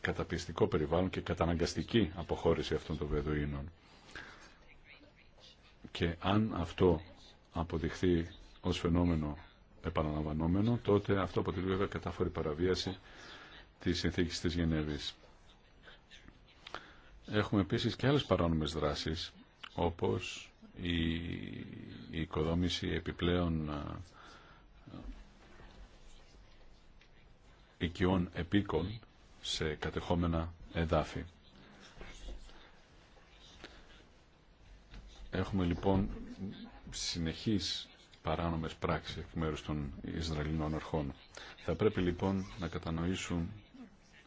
καταπιστικό περιβάλλον και καταναγκαστική αποχώρηση αυτών των βεδοίνων. Και αν αυτό αποδειχθεί ως φαινόμενο επαναλαμβανόμενο, τότε αυτό αποτελεί βέβαια κατάφορη παραβίαση της συνθήκης της Γενέβης. Έχουμε επίσης και άλλες παράνομες δράσεις, όπως η, η οικοδόμηση επιπλέον οικειών επίκων σε κατεχόμενα εδάφη. Έχουμε λοιπόν συνεχείς παράνομες πράξεις εκ μέρους των Ισραηλινών αρχών. Θα πρέπει λοιπόν να κατανοήσουν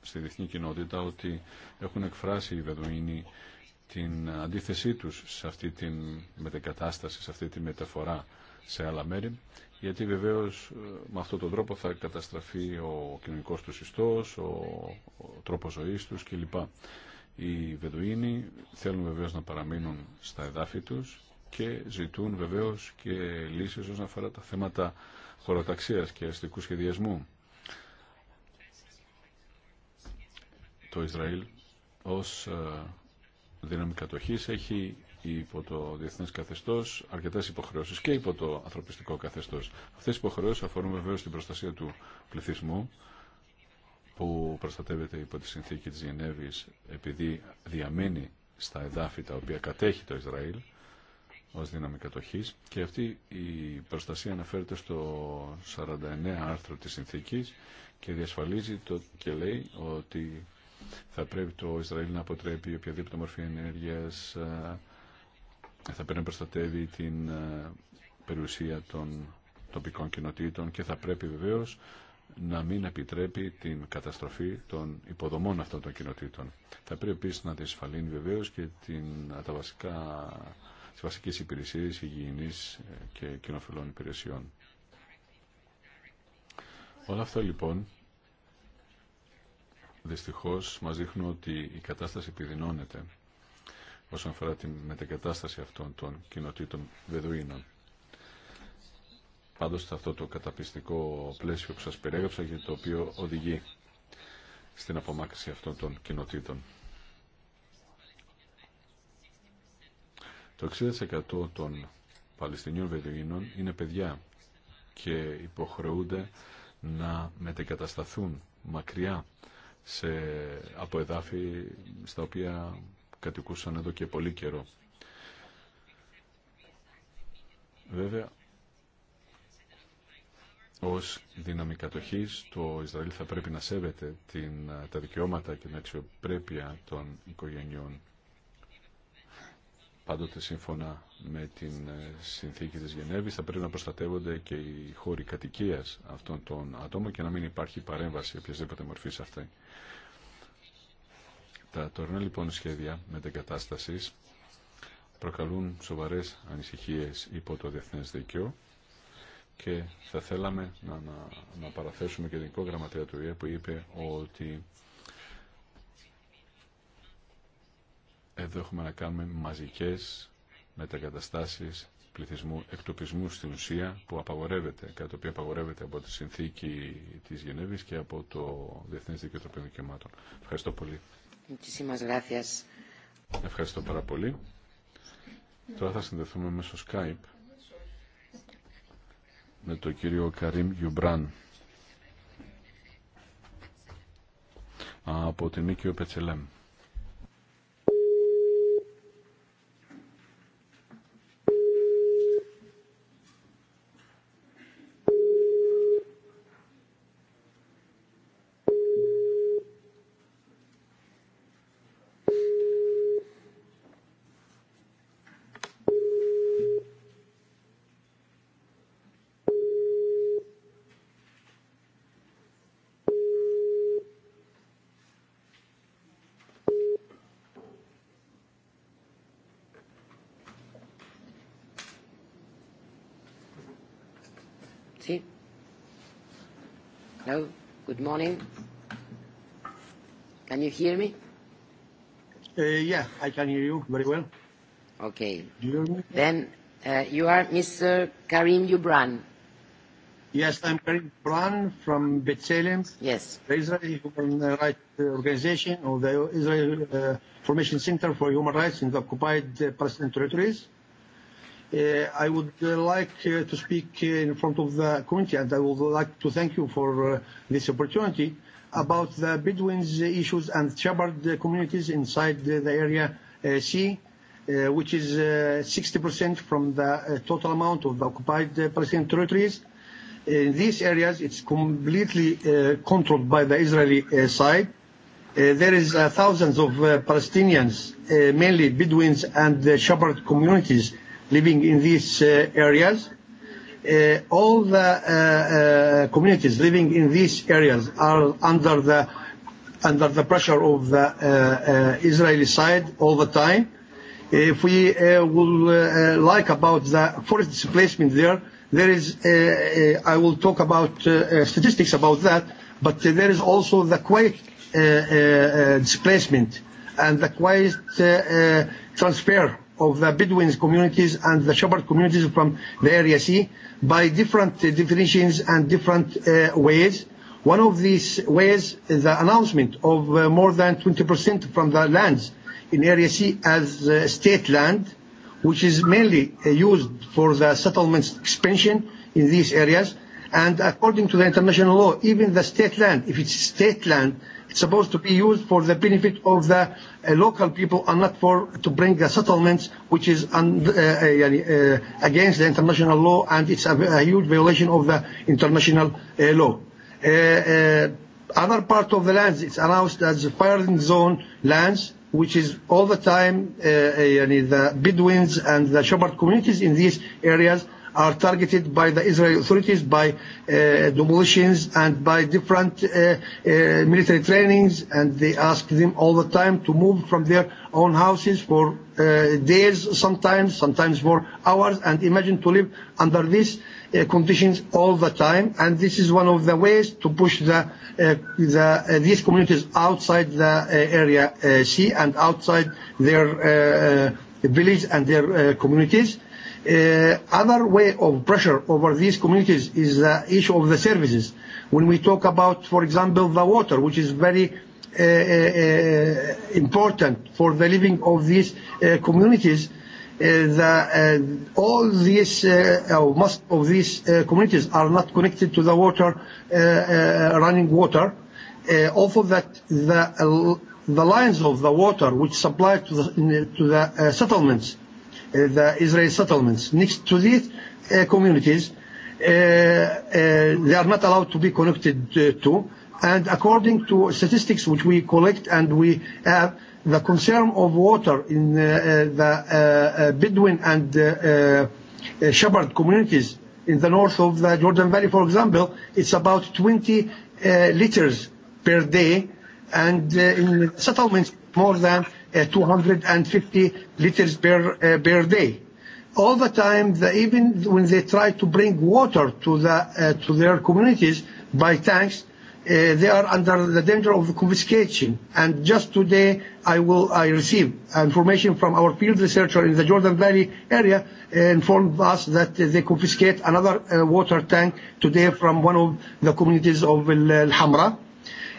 στη διεθνή κοινότητα ότι έχουν εκφράσει οι Βεδοίνοι την αντίθεσή τους σε αυτή την μετεκατάσταση, σε αυτή τη μεταφορά σε άλλα μέρη, γιατί βεβαίως ε, με αυτόν τον τρόπο θα καταστραφεί ο κοινωνικός του ιστός, ο, ο τρόπος ζωής τους κλπ. Οι Βεδουίνοι θέλουν βεβαίως να παραμείνουν στα εδάφη τους και ζητούν βεβαίως και λύσεις όσον αφορά τα θέματα χωροταξίας και αστικού σχεδιασμού. Το Ισραήλ ως ε, δύναμη κατοχής έχει υπό το διεθνέ καθεστώ αρκετέ υποχρεώσει και υπό το ανθρωπιστικό καθεστώ. Αυτέ οι υποχρεώσει αφορούν βεβαίω την προστασία του πληθυσμού που προστατεύεται υπό τη συνθήκη τη Γενέβη επειδή διαμένει στα εδάφη τα οποία κατέχει το Ισραήλ ω δύναμη κατοχή. και αυτή η προστασία αναφέρεται στο 49 άρθρο τη συνθήκη και διασφαλίζει το και λέει ότι θα πρέπει το Ισραήλ να αποτρέπει οποιαδήποτε μορφή ενέργειας, θα πρέπει να προστατεύει την ε, περιουσία των τοπικών κοινοτήτων και θα πρέπει βεβαίως να μην επιτρέπει την καταστροφή των υποδομών αυτών των κοινοτήτων. Θα πρέπει επίσης να διασφαλίνει βεβαίως και την, τα βασικά, τις βασικές υπηρεσίες υγιεινής ε, και κοινοφιλών υπηρεσιών. Όλα αυτά λοιπόν δυστυχώς μας δείχνουν ότι η κατάσταση επιδεινώνεται όσον αφορά τη μετακατάσταση αυτών των κοινοτήτων Βεδουίνων. Πάντως αυτό το καταπιστικό πλαίσιο που σας περιέγραψα για το οποίο οδηγεί στην απομάκρυση αυτών των κοινοτήτων. Το 60% των Παλαιστινίων Βεδουίνων είναι παιδιά και υποχρεούνται να μετεκατασταθούν μακριά σε, από εδάφη στα οποία κατοικούσαν εδώ και πολύ καιρό. Βέβαια, ως δύναμη κατοχής, το Ισραήλ θα πρέπει να σέβεται την, τα δικαιώματα και την αξιοπρέπεια των οικογενειών. Πάντοτε σύμφωνα με την ε, συνθήκη της Γενέβης θα πρέπει να προστατεύονται και οι χώροι κατοικίας αυτών των ατόμων και να μην υπάρχει παρέμβαση οποιασδήποτε σε αυτή. Τα τωρινά λοιπόν σχέδια μετεγκατάσταση προκαλούν σοβαρές ανησυχίες υπό το διεθνές δίκαιο και θα θέλαμε να, να, παραθέσουμε και την Γενικό του ΙΕ που είπε ότι εδώ έχουμε να κάνουμε μαζικές μετακαταστάσεις πληθυσμού εκτοπισμού στην ουσία που απαγορεύεται, κάτι το οποίο απαγορεύεται από τη συνθήκη της Γενέβης και από το Διεθνές των Δικαιωμάτων. Ευχαριστώ πολύ. Ευχαριστώ πάρα πολύ. Τώρα θα συνδεθούμε μέσω Skype με τον κύριο Καρίμ Γιουμπράν από την Νίκη Πετσελέμ. hear me? Yeah, I can hear you very well. Okay. Do you hear me? Then you are Mr. Karim Yubran. Yes, I'm Karim Yubran from Bethlehem, Yes. The Israeli Human Rights Organization or the Israel Formation Center for Human Rights in the occupied Palestinian territories. I would like to speak in front of the community and I would like to thank you for this opportunity about the Bedouins issues and shepherd communities inside the area C, which is 60% from the total amount of the occupied Palestinian territories. In these areas, it's completely controlled by the Israeli side. There is thousands of Palestinians, mainly Bedouins and shepherd communities, living in these areas all the communities living in these areas are under the under the pressure of the Israeli side all the time. If we will like about the forest displacement there, there is I will talk about statistics about that, but there is also the quiet displacement and the quiet transfer of the Bedouins communities and the Shepherd communities from the area C by different definitions and different ways. One of these ways is the announcement of more than 20% from the lands in Area C as state land, which is mainly used for the settlements expansion in these areas. And according to the international law, even the state land, if it's state land, supposed to be used for the benefit of the local people and not for to bring the settlements which is against the international law and it's a huge violation of the international law. Another part of the lands it's announced as firing zone lands which is all the time the Bedouins and the Shepherd communities in these areas are targeted by the Israeli authorities by demolitions and by different military trainings and they ask them all the time to move from their own houses for days sometimes, sometimes for hours and imagine to live under these conditions all the time and this is one of the ways to push the the these communities outside the area C and outside their village and their communities. Another way of pressure over these communities is the issue of the services. When we talk about, for example, the water, which is very important for the living of these communities, the all these uh most of these communities are not connected to the water, running water. Also that the the lines of the water which supply to the to the settlements the Israeli settlements next to these communities. They are not allowed to be connected to. And according to statistics which we collect and we have, the concern of water in the Bedouin and Shepherd communities in the north of the Jordan Valley, for example, it's about 20 liters per day, and in settlements more than 250 liters per per day. All the time, even when they try to bring water to the to their communities by tanks, they are under the danger of confiscation. And just today, I will I received information from our field researcher in the Jordan Valley area informed us that they confiscate another water tank today from one of the communities of Al Hamra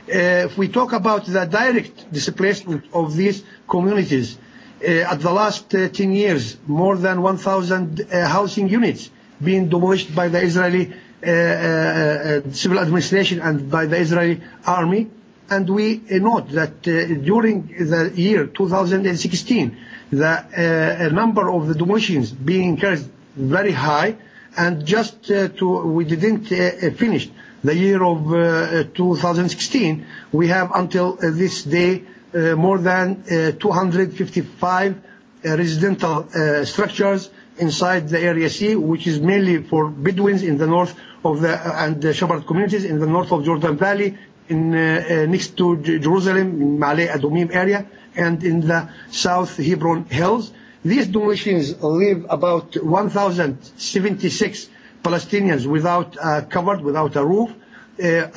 if we talk about the direct displacement of these communities, at the last 10 years, more than 1,000 housing units being demolished by the Israeli civil administration and by the Israeli army. And we note that during the year 2016, the number of the demolitions being carried very high, and just to we didn't finish the year of 2016, we have until this day more than 255 residential structures inside the Area C, which is mainly for Bedouins in the north of the and the Shepherd communities in the north of Jordan Valley, in next to Jerusalem, in Malay Adumim area, and in the south Hebron Hills. These demolitions live about 1,076 Palestinians without uh, covered, without a roof.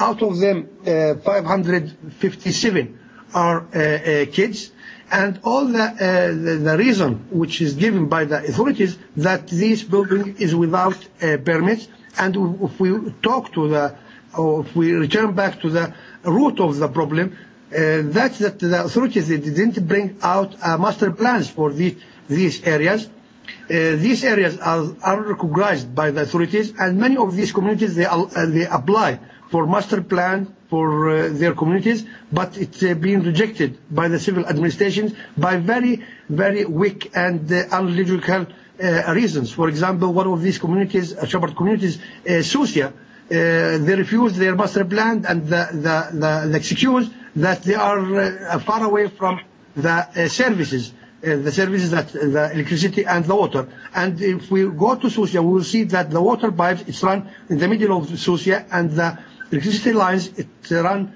out of them, uh, 557 are uh, kids. And all the, uh, the, the reason which is given by the authorities that this building is without uh, permits. And if we talk to the, or if we return back to the root of the problem, uh, that's that the authorities didn't bring out uh, master plans for these, these areas These areas are recognized by the authorities, and many of these communities they they apply for master plan for their communities, but it's being rejected by the civil administrations by very very weak and unlogical reasons. For example, one of these communities, shepherd communities, Susia, they refuse their master plan, and the the the excuse that they are far away from the services the services that the electricity and the water. And if we go to Susia, we will see that the water pipes it's run in the middle of Susia and the electricity lines it run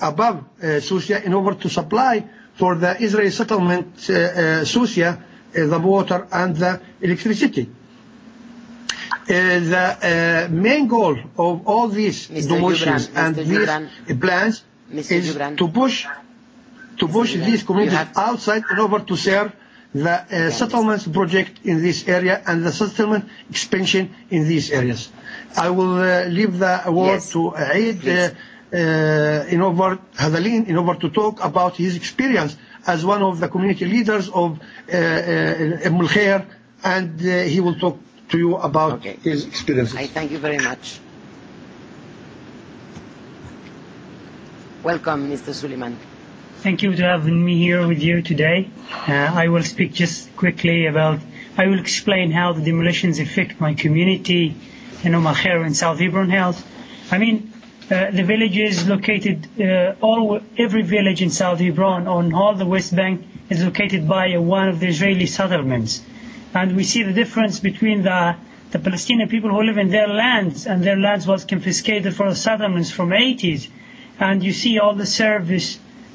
above Susia in order to supply for the Israeli settlement Susia the water and the electricity. The main goal of all these demolitions and these plans is to push to push these communities outside in order to serve the settlements project in this area and the settlement expansion in these areas. I will leave the award to Aid in over Hadalin in order to talk about his experience as one of the community leaders of Mulkhair and he will talk to you about his experience. I thank you very much. Welcome, Mr. Suleiman. Thank you for having me here with you today. I will speak just quickly about, I will explain how the demolitions affect my community in Umm in South Hebron Health. I mean, the village is located, all every village in South Hebron on all the West Bank is located by one of the Israeli settlements. And we see the difference between the the Palestinian people who live in their lands, and their lands was confiscated for the settlements from 80s. And you see all the service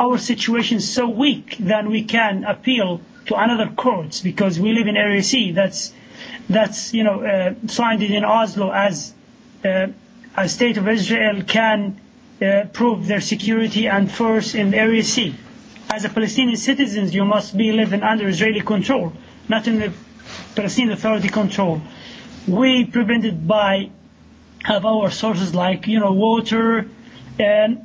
our situation is so weak that we can appeal to another courts because we live in Area C. That's, that's you know, signed in Oslo as a state of Israel can prove their security and force in Area C. As a Palestinian citizens, you must be living under Israeli control, not in the Palestinian Authority control. We prevented by have our sources like, you know, water and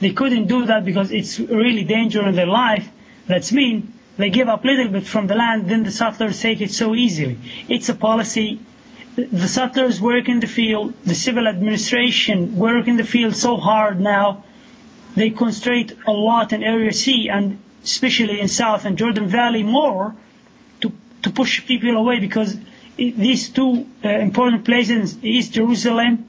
They couldn't do that because it's really dangerous in their life. That's mean they give up a little bit from the land, then the settlers take it so easily. It's a policy. The settlers work in the field. The civil administration work in the field so hard now. They concentrate a lot in Area C and especially in South and Jordan Valley more to, to push people away because these two important places, East Jerusalem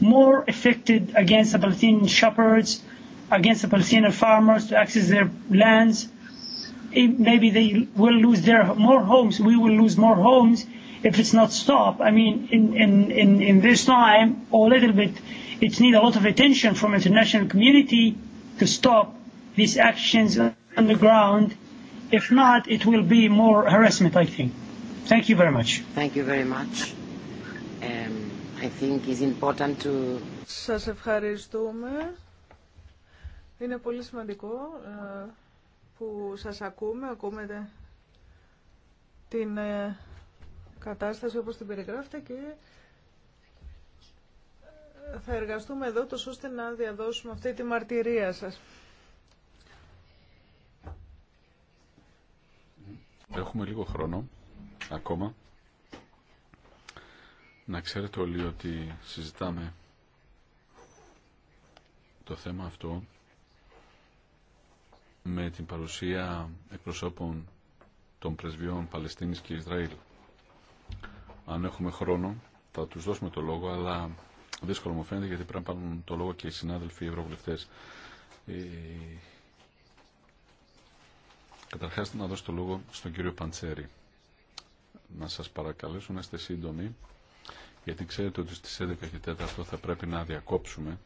more affected against the Palestinian shepherds, against the Palestinian farmers to access their lands. Maybe they will lose their more homes. We will lose more homes if it's not stopped. I mean, in, in, in, in this time, or a little bit, it needs a lot of attention from international community to stop these actions on the ground. If not, it will be more harassment, I think. Thank you very much. Thank you very much. Um, I Σας ευχαριστούμε. Είναι πολύ σημαντικό ε, που σας ακούμε, ακούμε την ε, κατάσταση όπως την περιγράφετε και ε, θα εργαστούμε εδώ τόσο ώστε να διαδώσουμε αυτή τη μαρτυρία σας. Έχουμε λίγο χρόνο ακόμα. Να ξέρετε όλοι ότι συζητάμε το θέμα αυτό με την παρουσία εκπροσώπων των πρεσβειών Παλαιστίνης και Ισραήλ. Αν έχουμε χρόνο θα τους δώσουμε το λόγο, αλλά δύσκολο μου φαίνεται γιατί πρέπει να πάρουν το λόγο και οι συνάδελφοι οι ευρωβουλευτές. Ε, καταρχάς να δώσω το λόγο στον κύριο Παντσέρη. Να σας παρακαλέσω να είστε σύντομοι γιατί ξέρετε ότι στις 11 και 4 θα πρέπει να διακόψουμε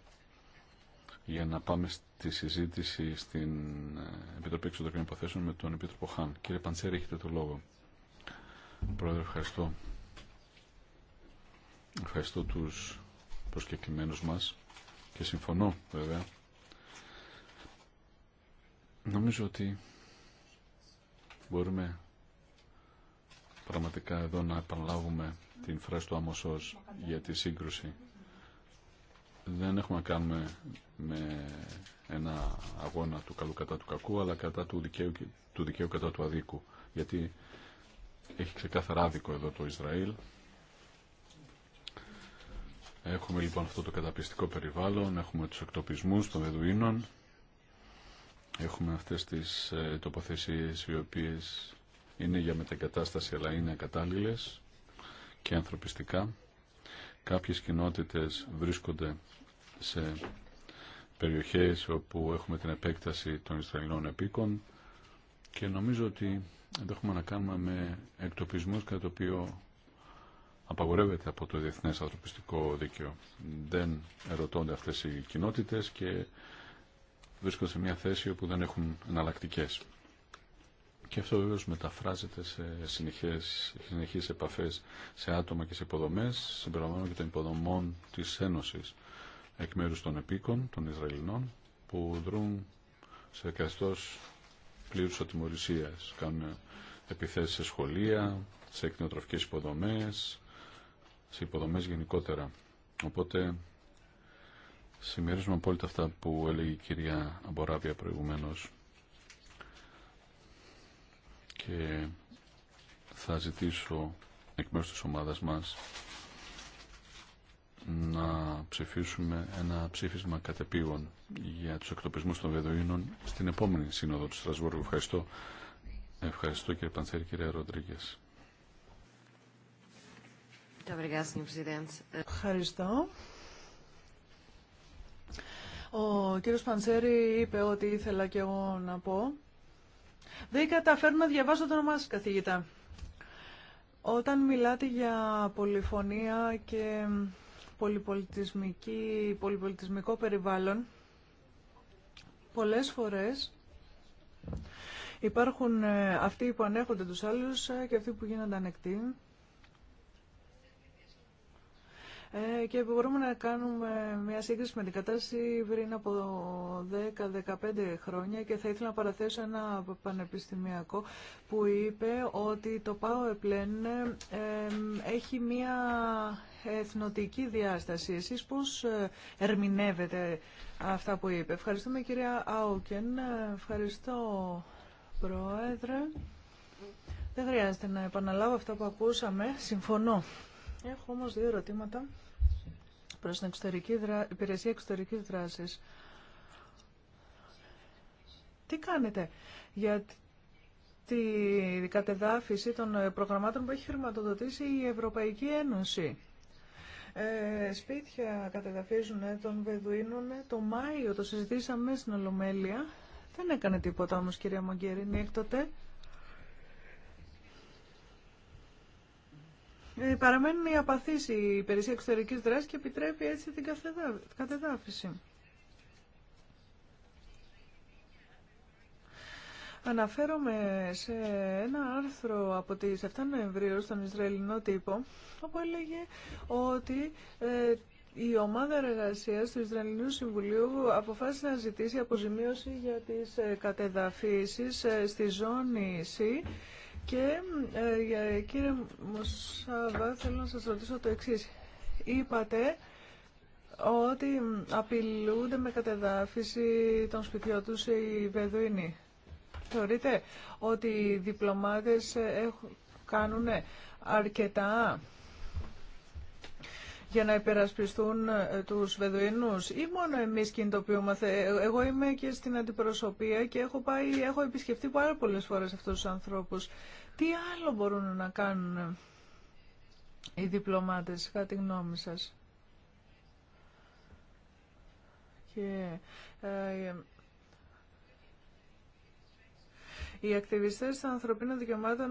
για να πάμε στη συζήτηση στην ε, Επιτροπή Εξωτερικών Υποθέσεων με τον Επίτροπο Χάν. Κύριε Παντσέρη, έχετε το λόγο. Πρόεδρε, ευχαριστώ. Ευχαριστώ τους προσκεκλημένους μας και συμφωνώ βέβαια. Νομίζω ότι μπορούμε πραγματικά εδώ να επαναλάβουμε την φράση του Αμοσός για τη σύγκρουση. Δεν έχουμε να κάνουμε με ένα αγώνα του καλού κατά του κακού, αλλά κατά του δικαίου, του κατά του αδίκου. Γιατί έχει ξεκάθαρα άδικο εδώ το Ισραήλ. Έχουμε λοιπόν αυτό το καταπιστικό περιβάλλον, έχουμε τους εκτοπισμούς των Βεδουίνων, έχουμε αυτές τις ε, τοποθεσίες οι οποίες είναι για μετακατάσταση αλλά είναι ακατάλληλες και ανθρωπιστικά. Κάποιες κοινότητες βρίσκονται σε περιοχές όπου έχουμε την επέκταση των Ισραηλινών επίκων και νομίζω ότι δεν έχουμε να κάνουμε με εκτοπισμούς κατά το οποίο απαγορεύεται από το Διεθνές Ανθρωπιστικό Δίκαιο. Δεν ερωτώνται αυτές οι κοινότητες και βρίσκονται σε μια θέση όπου δεν έχουν εναλλακτικέ. Και αυτό βεβαίω μεταφράζεται σε συνεχείς επαφές σε άτομα και σε υποδομές, συμπεριλαμβάνω και των υποδομών της Ένωσης εκ μέρους των επίκων, των Ισραηλινών, που δρούν σε καθώς πλήρους ατιμορρησίας. Κάνουν επιθέσεις σε σχολεία, σε εκνεοτροφικές υποδομές, σε υποδομές γενικότερα. Οπότε συμμερίζουμε απόλυτα αυτά που έλεγε η κυρία Αμποράβια προηγουμένως και θα ζητήσω εκ μέρους της ομάδας μας να ψηφίσουμε ένα ψήφισμα κατεπήγων για τους εκτοπισμούς των Βεδοίνων στην επόμενη σύνοδο του Στρασβούργου. Ευχαριστώ. Ευχαριστώ κύριε Πανθέρη, κύριε Ροντρίγκες. Ευχαριστώ. Ο κύριος Παντσέρη είπε ότι ήθελα και εγώ να πω. Δεν καταφέρνω να διαβάσω το όνομά σας, καθηγητά. Όταν μιλάτε για πολυφωνία και πολυπολιτισμική, πολυπολιτισμικό περιβάλλον, πολλές φορές υπάρχουν ε, αυτοί που ανέχονται τους άλλους ε, και αυτοί που γίνονται ανεκτοί. Ε, και μπορούμε να κάνουμε μια σύγκριση με την κατάσταση πριν από 10-15 χρόνια και θα ήθελα να παραθέσω ένα πανεπιστημιακό που είπε ότι το ΠΑΟΕΠΛΕΝ έχει μια εθνοτική διάσταση. Εσείς πώς ε, ερμηνεύετε αυτά που είπε. Ευχαριστούμε κυρία Άουκεν. Ευχαριστώ πρόεδρε. Δεν χρειάζεται να επαναλάβω αυτά που ακούσαμε. Συμφωνώ Έχω όμω δύο ερωτήματα προς την εξωτερική υπηρεσία Εξωτερική δράσης. Τι κάνετε για τη κατεδάφιση των ε, προγραμμάτων που έχει χρηματοδοτήσει η Ευρωπαϊκή Ένωση. Ε, σπίτια κατεδαφίζουν ε, τον Βεδουίνων ε, το Μάιο, το συζητήσαμε στην Ολομέλεια. Δεν έκανε τίποτα όμως κυρία Μαγκερίνη έκτοτε. Ε, παραμένουν οι απαθείς η υπηρεσία εξωτερικής δράσης και επιτρέπει έτσι την κατεδάφιση. Αναφέρομαι σε ένα άρθρο από τις 7 Νοεμβρίου στον Ισραηλινό τύπο, όπου έλεγε ότι ε, η ομάδα εργασίας του Ισραηλινού Συμβουλίου αποφάσισε να ζητήσει αποζημίωση για τις ε, κατεδαφίσεις στη ζώνη ΣΥ και ε, για κύριε Μουσάβα, θέλω να σας ρωτήσω το εξή. Είπατε ότι απειλούνται με κατεδάφιση των σπιτιών τους οι Βεδουίνοι. Θεωρείτε ότι οι διπλωμάτες έχουν, κάνουν αρκετά για να υπερασπιστούν ε, τους Βεδουινούς ή μόνο εμείς κινητοποιούμαστε. Ε, εγώ είμαι και στην αντιπροσωπεία και έχω, πάει, έχω επισκεφτεί πάρα πολλές φορές αυτούς τους ανθρώπους. Τι άλλο μπορούν να κάνουν ε, οι διπλωμάτες, κατά τη γνώμη σας. Και, οι ακτιβιστές των ανθρωπίνων δικαιωμάτων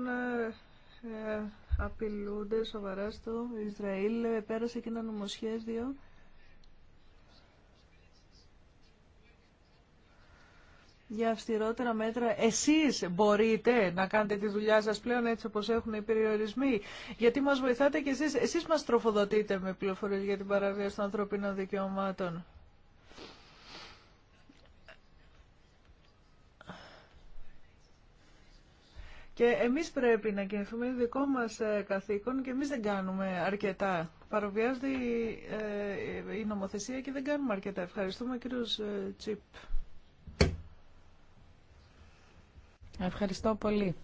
απειλούνται σοβαρά στο Ισραήλ. Πέρασε και ένα νομοσχέδιο για αυστηρότερα μέτρα. Εσείς μπορείτε να κάνετε τη δουλειά σας πλέον έτσι όπως έχουν οι περιορισμοί. Γιατί μας βοηθάτε και εσείς, εσείς μας τροφοδοτείτε με πληροφορίες για την παραβίαση των ανθρωπίνων δικαιωμάτων. Και εμείς πρέπει να κινηθούμε, δικό μας ε, καθήκον και εμείς δεν κάνουμε αρκετά. Παροβιάζεται ε, η, νομοθεσία και δεν κάνουμε αρκετά. Ευχαριστούμε κύριο ε, Τσίπ. Ευχαριστώ πολύ.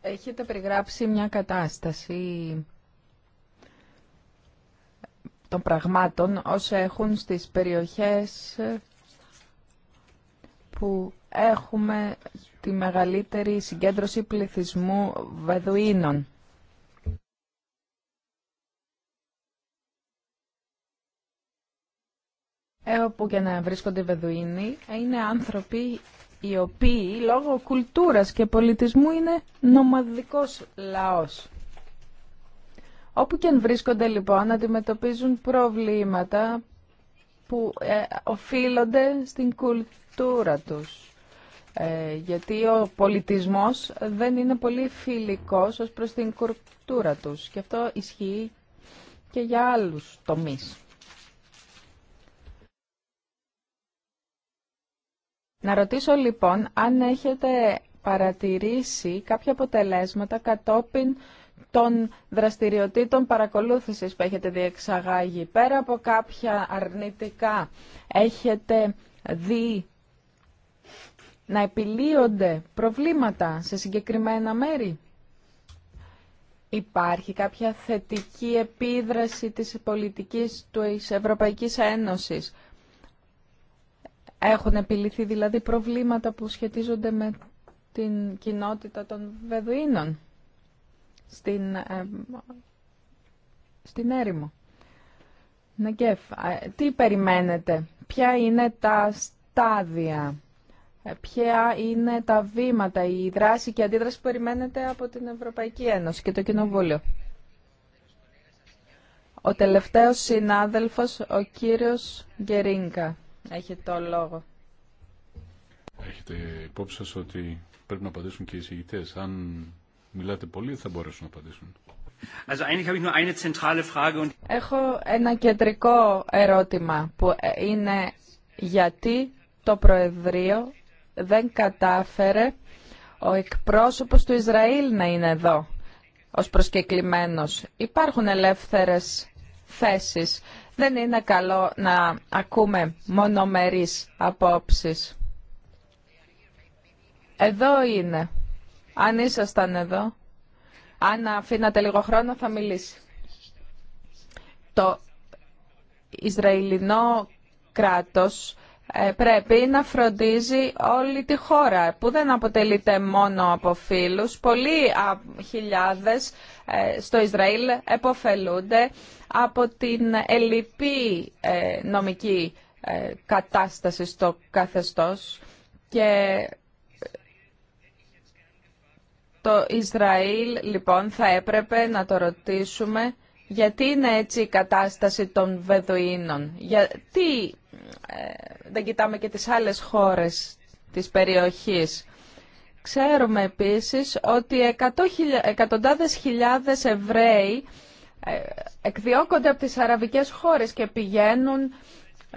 Έχετε περιγράψει μια κατάσταση των πραγμάτων όσα έχουν στις περιοχές που έχουμε τη μεγαλύτερη συγκέντρωση πληθυσμού Βεδουίνων. Ε, όπου και να βρίσκονται οι Βεδουίνοι, είναι άνθρωποι οι οποίοι λόγω κουλτούρας και πολιτισμού είναι νομαδικός λαός. Όπου και αν βρίσκονται λοιπόν αντιμετωπίζουν προβλήματα που ε, οφείλονται στην κουλτούρα τους. Ε, γιατί ο πολιτισμός δεν είναι πολύ φιλικός ως προς την κουλτούρα τους και αυτό ισχύει και για άλλους τομείς. Να ρωτήσω λοιπόν αν έχετε παρατηρήσει κάποια αποτελέσματα κατόπιν των δραστηριοτήτων παρακολούθησης που έχετε διεξαγάγει. Πέρα από κάποια αρνητικά, έχετε δει να επιλύονται προβλήματα σε συγκεκριμένα μέρη. Υπάρχει κάποια θετική επίδραση της πολιτικής της Ευρωπαϊκής Ένωσης. Έχουν επιληθεί δηλαδή προβλήματα που σχετίζονται με την κοινότητα των Βεδουίνων στην, ε, στην έρημο. Ναγκέφ, τι περιμένετε, ποια είναι τα στάδια, ε, ποια είναι τα βήματα, η δράση και η αντίδραση που περιμένετε από την Ευρωπαϊκή Ένωση και το Κοινοβούλιο. Ο τελευταίος συνάδελφος, ο κύριος Γκερίνκα, έχει το λόγο. Έχετε υπόψη σας ότι πρέπει να απαντήσουν και οι εισηγητές. Αν μιλάτε πολύ, θα μπορέσουν να απαντήσουν. Έχω ένα κεντρικό ερώτημα που είναι γιατί το Προεδρείο δεν κατάφερε ο εκπρόσωπος του Ισραήλ να είναι εδώ ως προσκεκλημένος. Υπάρχουν ελεύθερες θέσεις. Δεν είναι καλό να ακούμε μονομερείς απόψεις. Εδώ είναι. Αν ήσασταν εδώ, αν αφήνατε λίγο χρόνο θα μιλήσει. Το Ισραηλινό κράτος ε, πρέπει να φροντίζει όλη τη χώρα που δεν αποτελείται μόνο από φίλους. Πολλοί χιλιάδες ε, στο Ισραήλ εποφελούνται από την ελλειπή ε, νομική κατάσταση στο καθεστώς και το Ισραήλ λοιπόν θα έπρεπε να το ρωτήσουμε γιατί είναι έτσι η κατάσταση των Βεδουίνων. Γιατί ε, δεν κοιτάμε και τις άλλες χώρες της περιοχής. Ξέρουμε επίσης ότι εκατοντάδε. εκατοντάδες χιλιάδες Εβραίοι ε, εκδιώκονται από τις αραβικές χώρες και πηγαίνουν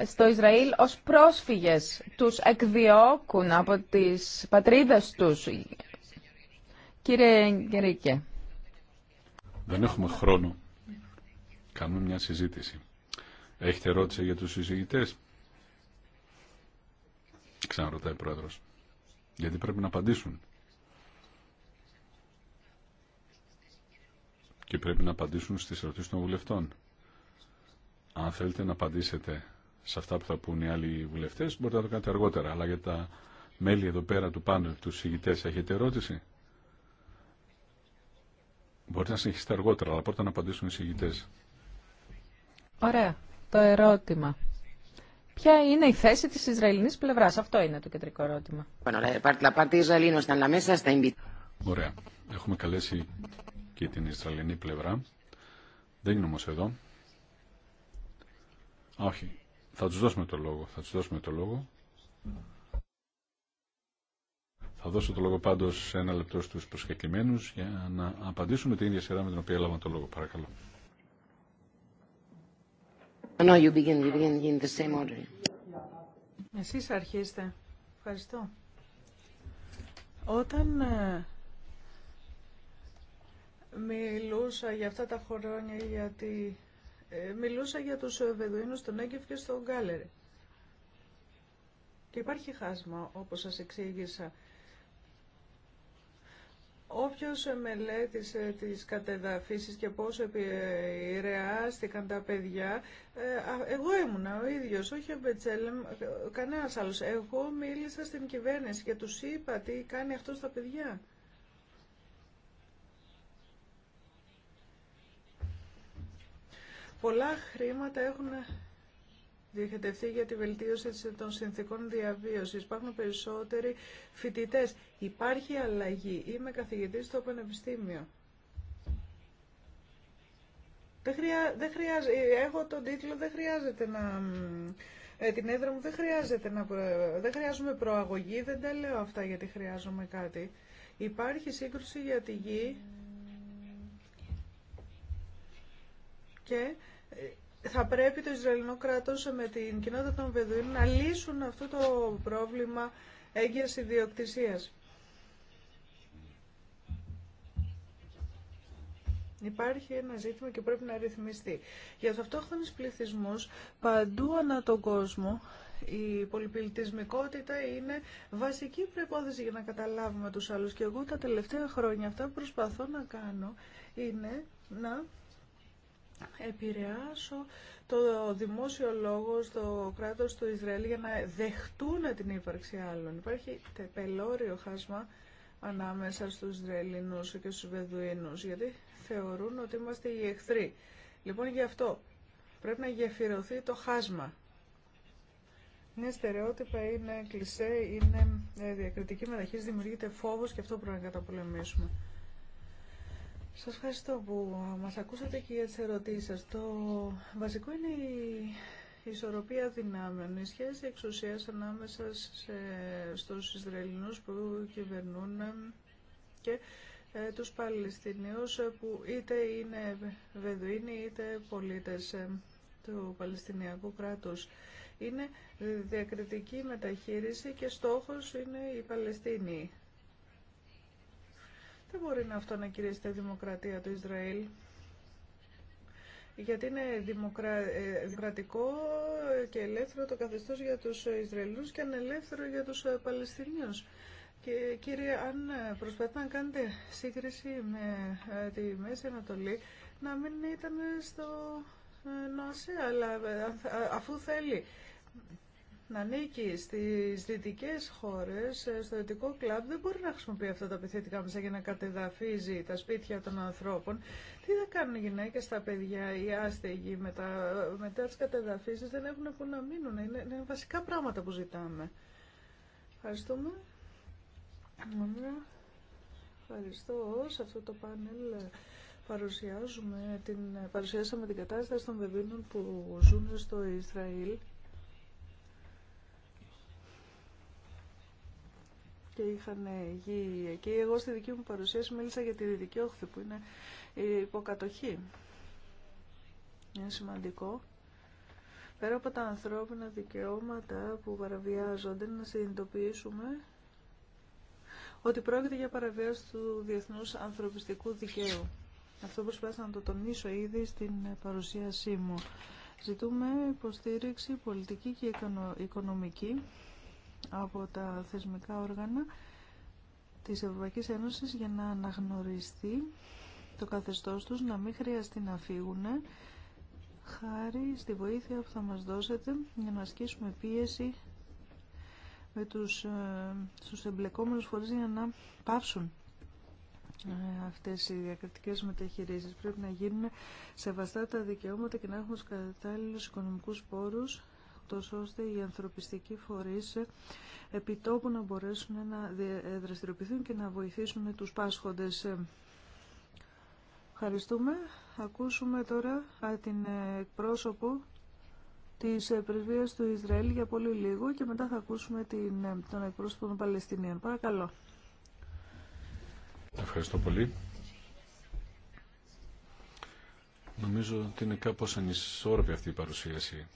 στο Ισραήλ ως πρόσφυγες. Τους εκδιώκουν από τις πατρίδες τους Κύριε Γκερίκε. Δεν έχουμε χρόνο. Κάνουμε μια συζήτηση. Έχετε ερώτηση για τους συζητητές. Ξαναρωτάει ο Πρόεδρος. Γιατί πρέπει να απαντήσουν. Και πρέπει να απαντήσουν στις ερωτήσεις των βουλευτών. Αν θέλετε να απαντήσετε σε αυτά που θα πούν οι άλλοι βουλευτές, μπορείτε να το κάνετε αργότερα. Αλλά για τα μέλη εδώ πέρα του πάνελ, τους συγητές, έχετε ερώτηση. Μπορείτε να συνεχίσετε αργότερα, αλλά πρώτα να απαντήσουν οι συγητές. Ωραία. Το ερώτημα. Ποια είναι η θέση τη Ισραηλινής πλευρά, Αυτό είναι το κεντρικό ερώτημα. Ωραία. Έχουμε καλέσει και την Ισραηλινή πλευρά. Δεν είναι όμω εδώ. όχι. Θα του δώσουμε το λόγο. Θα του δώσουμε το λόγο. Θα δώσω το λόγο πάντω ένα λεπτό στου προσκεκλημένου για να απαντήσουμε την ίδια σειρά με την οποία έλαβαν το λόγο. Παρακαλώ. No, Εσείς αρχίστε. Ευχαριστώ. Όταν ε, μιλούσα για αυτά τα χρόνια, γιατί ε, μιλούσα για τους Βεδουίνους στον Έγκεφ και στον Γκάλερ. Και υπάρχει χάσμα, όπως σας εξήγησα. Όποιος μελέτησε τις κατεδαφίσεις και πόσο επηρεάστηκαν τα παιδιά, ε, εγώ ήμουνα ο ίδιος, όχι ο Μπετσέλεμ, κανένας άλλος. Εγώ μίλησα στην κυβέρνηση και τους είπα τι κάνει αυτό στα παιδιά. Πολλά χρήματα έχουν διοχετευτεί για τη βελτίωση των συνθήκων διαβίωσης. Υπάρχουν περισσότεροι φοιτητές. Υπάρχει αλλαγή. Είμαι καθηγητής στο Πανεπιστήμιο. Δεν, χρειά, χρειάζεται, έχω τον τίτλο, δεν χρειάζεται να... Ε, την έδρα μου δεν χρειάζεται να... Δεν χρειάζομαι προαγωγή, δεν τα λέω αυτά γιατί χρειάζομαι κάτι. Υπάρχει σύγκρουση για τη γη και ε, θα πρέπει το Ισραηλινό κράτος με την κοινότητα των Βεδουίνων να λύσουν αυτό το πρόβλημα έγκαιρης ιδιοκτησίας. Υπάρχει ένα ζήτημα και πρέπει να ρυθμιστεί. Για ταυτόχρονες πληθυσμούς παντού ανά τον κόσμο η πολυπληθυσμικότητα είναι βασική προϋπόθεση για να καταλάβουμε τους άλλους. Και εγώ τα τελευταία χρόνια αυτά που προσπαθώ να κάνω είναι να επηρεάσω το δημόσιο λόγο στο κράτος του Ισραήλ για να δεχτούν την ύπαρξη άλλων. Υπάρχει τεπελώριο χάσμα ανάμεσα στους Ισραηλινούς και στους Βεδουίνους, γιατί θεωρούν ότι είμαστε οι εχθροί. Λοιπόν, γι' αυτό πρέπει να γεφυρωθεί το χάσμα. Είναι στερεότυπα, είναι κλισέ, είναι ε, διακριτική μεταχείριση, δημιουργείται φόβος και αυτό πρέπει να καταπολεμήσουμε. Σας ευχαριστώ που μας ακούσατε και για τις ερωτήσεις σας. Το βασικό είναι η ισορροπία δυνάμεων, η σχέση εξουσίας ανάμεσα σε, στους Ισραηλινούς που κυβερνούν και ε, τους Παλαιστινίους που είτε είναι Βεδουίνοι είτε πολίτες ε, του Παλαιστινιακού κράτους. Είναι διακριτική μεταχείριση και στόχος είναι η Παλαιστίνη. Δεν μπορεί να αυτό να κυρίσει η δημοκρατία του Ισραήλ. Γιατί είναι ε, δημοκρατικό και ελεύθερο το καθεστώς για τους Ισραηλούς και ανελεύθερο για τους Παλαιστινίους. Και κύριε, αν προσπαθείτε να κάνετε σύγκριση με ε, τη Μέση Ανατολή, να μην ήταν στο ε, νόση, αλλά αφού θέλει να ανήκει στις δυτικές χώρες, ε, στο δυτικό κλαμπ, δεν μπορεί να χρησιμοποιεί αυτά τα επιθετικά μέσα για να κατεδαφίζει τα σπίτια των ανθρώπων. Τι θα κάνουν οι γυναίκες, τα παιδιά, οι άστεγοι μετά, μετά τις κατεδαφίσεις, δεν έχουν που να μείνουν. Είναι, είναι βασικά πράγματα που ζητάμε. Ευχαριστούμε. Ευχαριστώ. Σε αυτό το πάνελ ε, παρουσιάζουμε την, ε, παρουσιάσαμε την κατάσταση των βεβίνων που ζουν στο Ισραήλ. και είχαν γη εκεί. Εγώ στη δική μου παρουσίαση μίλησα για τη Δυτική Όχθη που είναι η υποκατοχή. Είναι σημαντικό. Πέρα από τα ανθρώπινα δικαιώματα που παραβιάζονται, να συνειδητοποιήσουμε ότι πρόκειται για παραβίαση του διεθνούς ανθρωπιστικού δικαίου. Αυτό προσπάθησα να το τονίσω ήδη στην παρουσίασή μου. Ζητούμε υποστήριξη πολιτική και οικονομική από τα θεσμικά όργανα της Ευρωπαϊκής Ένωσης για να αναγνωριστεί το καθεστώς τους, να μην χρειαστεί να φύγουν χάρη στη βοήθεια που θα μας δώσετε για να ασκήσουμε πίεση με τους, ε, τους εμπλεκόμενους φορείς για να πάψουν ε, αυτές οι διακριτικές μεταχειρίσεις. Πρέπει να γίνουν σεβαστά τα δικαιώματα και να έχουμε τους κατάλληλους οικονομικούς πόρους τόσο ώστε οι ανθρωπιστικοί φορείς επιτόπου να μπορέσουν να ε, δραστηριοποιηθούν και να βοηθήσουν τους πάσχοντες. Ευχαριστούμε. Ακούσουμε τώρα την ε, εκπρόσωπο της ε, πρεσβείας του Ισραήλ για πολύ λίγο και μετά θα ακούσουμε την, τον εκπρόσωπο των Παλαιστινίων. Παρακαλώ. Ευχαριστώ πολύ. Νομίζω ότι είναι κάπως ανισόρροπη αυτή η παρουσίαση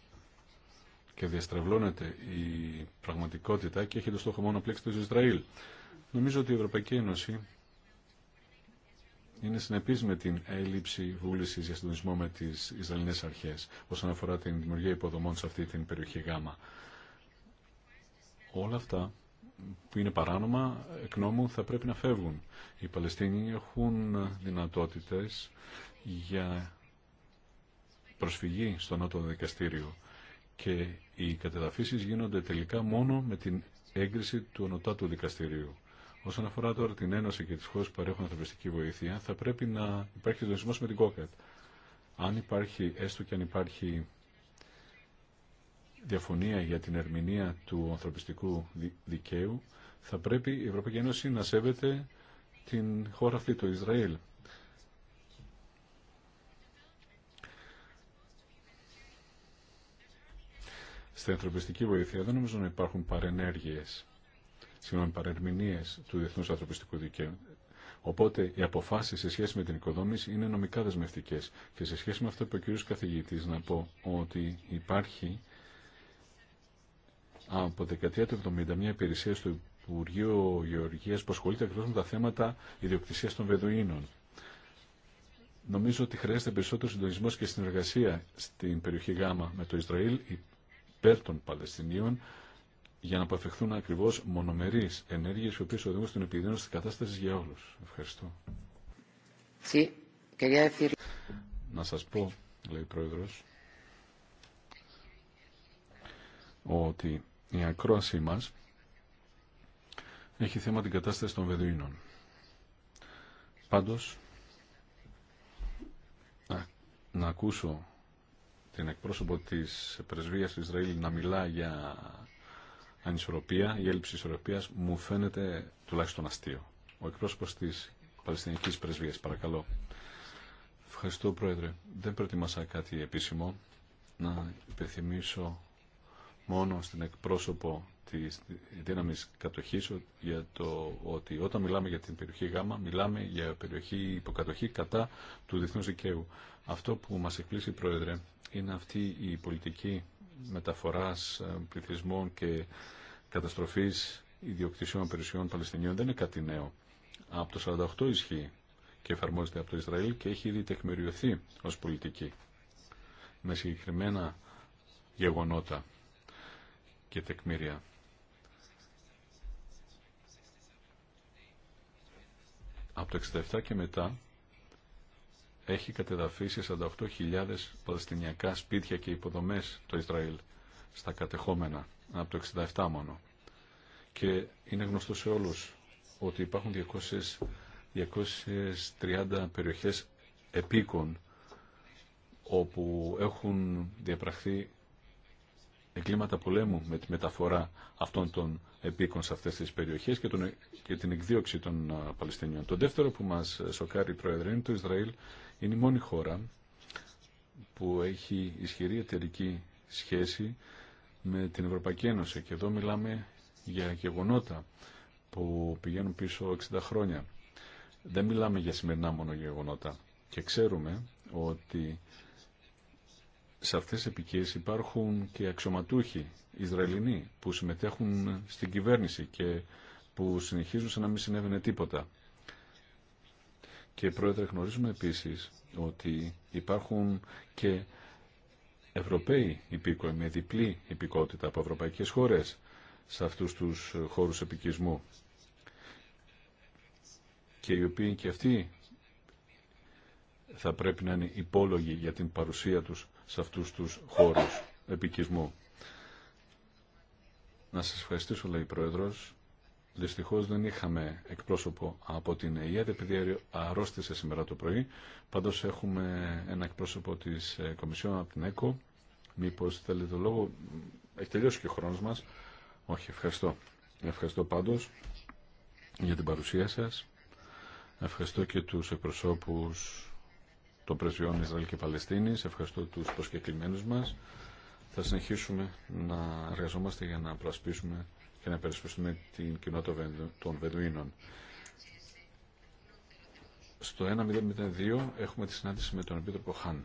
και διαστρεβλώνεται η πραγματικότητα και έχει το στόχο μόνο πλέξη του Ισραήλ. Νομίζω ότι η Ευρωπαϊκή Ένωση είναι συνεπής με την έλλειψη βούλησης για συντονισμό με τις Ισραηλινές αρχές όσον αφορά την δημιουργία υποδομών σε αυτή την περιοχή Γάμα. Όλα αυτά που είναι παράνομα, εκ νόμου θα πρέπει να φεύγουν. Οι Παλαιστίνοι έχουν δυνατότητες για προσφυγή στο Νότο Δικαστήριο και οι κατεδαφίσεις γίνονται τελικά μόνο με την έγκριση του ονοτάτου Δικαστηρίου. Όσον αφορά τώρα την Ένωση και τις χώρες που παρέχουν ανθρωπιστική βοήθεια, θα πρέπει να υπάρχει συντονισμός με την ΚΟΚΑΤ. Αν υπάρχει, έστω και αν υπάρχει διαφωνία για την ερμηνεία του ανθρωπιστικού δικαίου, θα πρέπει η Ευρωπαϊκή Ένωση να σέβεται την χώρα αυτή, το Ισραήλ. Στην ανθρωπιστική βοήθεια δεν νομίζω να υπάρχουν παρενέργειε, συγγνώμη, παρερμηνίε του διεθνού ανθρωπιστικού δικαίου. Οπότε οι αποφάσει σε σχέση με την οικοδόμηση είναι νομικά δεσμευτικέ. Και σε σχέση με αυτό που είπε ο κ. Καθηγητή, να πω ότι υπάρχει από δεκαετία του 70 μια υπηρεσία στο Υπουργείο Γεωργίας που ασχολείται ακριβώ με τα θέματα ιδιοκτησία των Βεδουίνων. Νομίζω ότι χρειάζεται περισσότερο συντονισμό και συνεργασία στην περιοχή Γάμα με το Ισραήλ υπέρ των Παλαιστινίων για να αποφευχθούν ακριβώς μονομερείς ενέργειες οι οποίες οδηγούν στην επιδείνωση της κατάστασης για όλου. Ευχαριστώ. Να σας πω, λέει ο Πρόεδρος, ότι η ακρόασή μας έχει θέμα την κατάσταση των Βεδουίνων. Πάντως, να, να ακούσω την εκπρόσωπο της πρεσβείας του Ισραήλ να μιλά για ανισορροπία, η έλλειψη ισορροπίας, μου φαίνεται τουλάχιστον αστείο. Ο εκπρόσωπος της Παλαιστινικής Πρεσβείας, παρακαλώ. Ευχαριστώ, Πρόεδρε. Δεν προετοίμασα κάτι επίσημο. Να υπενθυμίσω μόνο στην εκπρόσωπο της δύναμης κατοχής για το ότι όταν μιλάμε για την περιοχή Γ, μιλάμε για περιοχή υποκατοχή κατά του διεθνούς δικαίου. Αυτό που μας εκπλήσει, Πρόεδρε, είναι αυτή η πολιτική μεταφοράς ε, πληθυσμών και καταστροφής ιδιοκτησιών περιουσιών Παλαιστινίων δεν είναι κάτι νέο. Από το 1948 ισχύει και εφαρμόζεται από το Ισραήλ και έχει ήδη τεκμηριωθεί ως πολιτική με συγκεκριμένα γεγονότα και τεκμήρια. Από το 67 και μετά έχει κατεδαφίσει 48.000 παλαιστινιακά σπίτια και υποδομές το Ισραήλ στα κατεχόμενα από το 67 μόνο. Και είναι γνωστό σε όλους ότι υπάρχουν 200, 230 περιοχές επίκων όπου έχουν διαπραχθεί εγκλήματα πολέμου με τη μεταφορά αυτών των επίκων σε αυτές τις περιοχές και, τον, ε, και την εκδίωξη των Παλαιστινίων. Το δεύτερο που μας ε, σοκάρει, Προεδρία είναι το Ισραήλ. Είναι η μόνη χώρα που έχει ισχυρή εταιρική σχέση με την Ευρωπαϊκή Ένωση. Και εδώ μιλάμε για γεγονότα που πηγαίνουν πίσω 60 χρόνια. Δεν μιλάμε για σημερινά μόνο γεγονότα. Και ξέρουμε ότι σε αυτές τις επικίες υπάρχουν και αξιωματούχοι Ισραηλινοί που συμμετέχουν στην κυβέρνηση και που συνεχίζουν να μην συνέβαινε τίποτα. Και πρόεδρε γνωρίζουμε επίσης ότι υπάρχουν και Ευρωπαίοι υπήκοοι με διπλή υπηκότητα από ευρωπαϊκές χώρες σε αυτούς τους χώρους επικισμού και οι οποίοι και αυτοί θα πρέπει να είναι υπόλογοι για την παρουσία τους σε αυτούς τους χώρους επικισμού. Να σας ευχαριστήσω, λέει η Πρόεδρος. Δυστυχώς δεν είχαμε εκπρόσωπο από την ΕΙΑΔ επειδή αρρώστησε σήμερα το πρωί. Πάντως έχουμε ένα εκπρόσωπο της ε, Κομισιόν από την ΕΚΟ. Μήπως θέλετε το λόγο. Έχει τελειώσει και ο χρόνος μας. Όχι, ευχαριστώ. Ευχαριστώ πάντως για την παρουσία σας. Ευχαριστώ και τους εκπροσώπους των πρεσβειών Ισραήλ και Παλαιστίνης. Ευχαριστώ του προσκεκλημένους μα. Θα συνεχίσουμε να εργαζόμαστε για να προασπίσουμε και να υπερασπιστούμε την κοινότητα των Βεδουίνων. Στο 1002 έχουμε τη συνάντηση με τον Επίτροπο Χάν.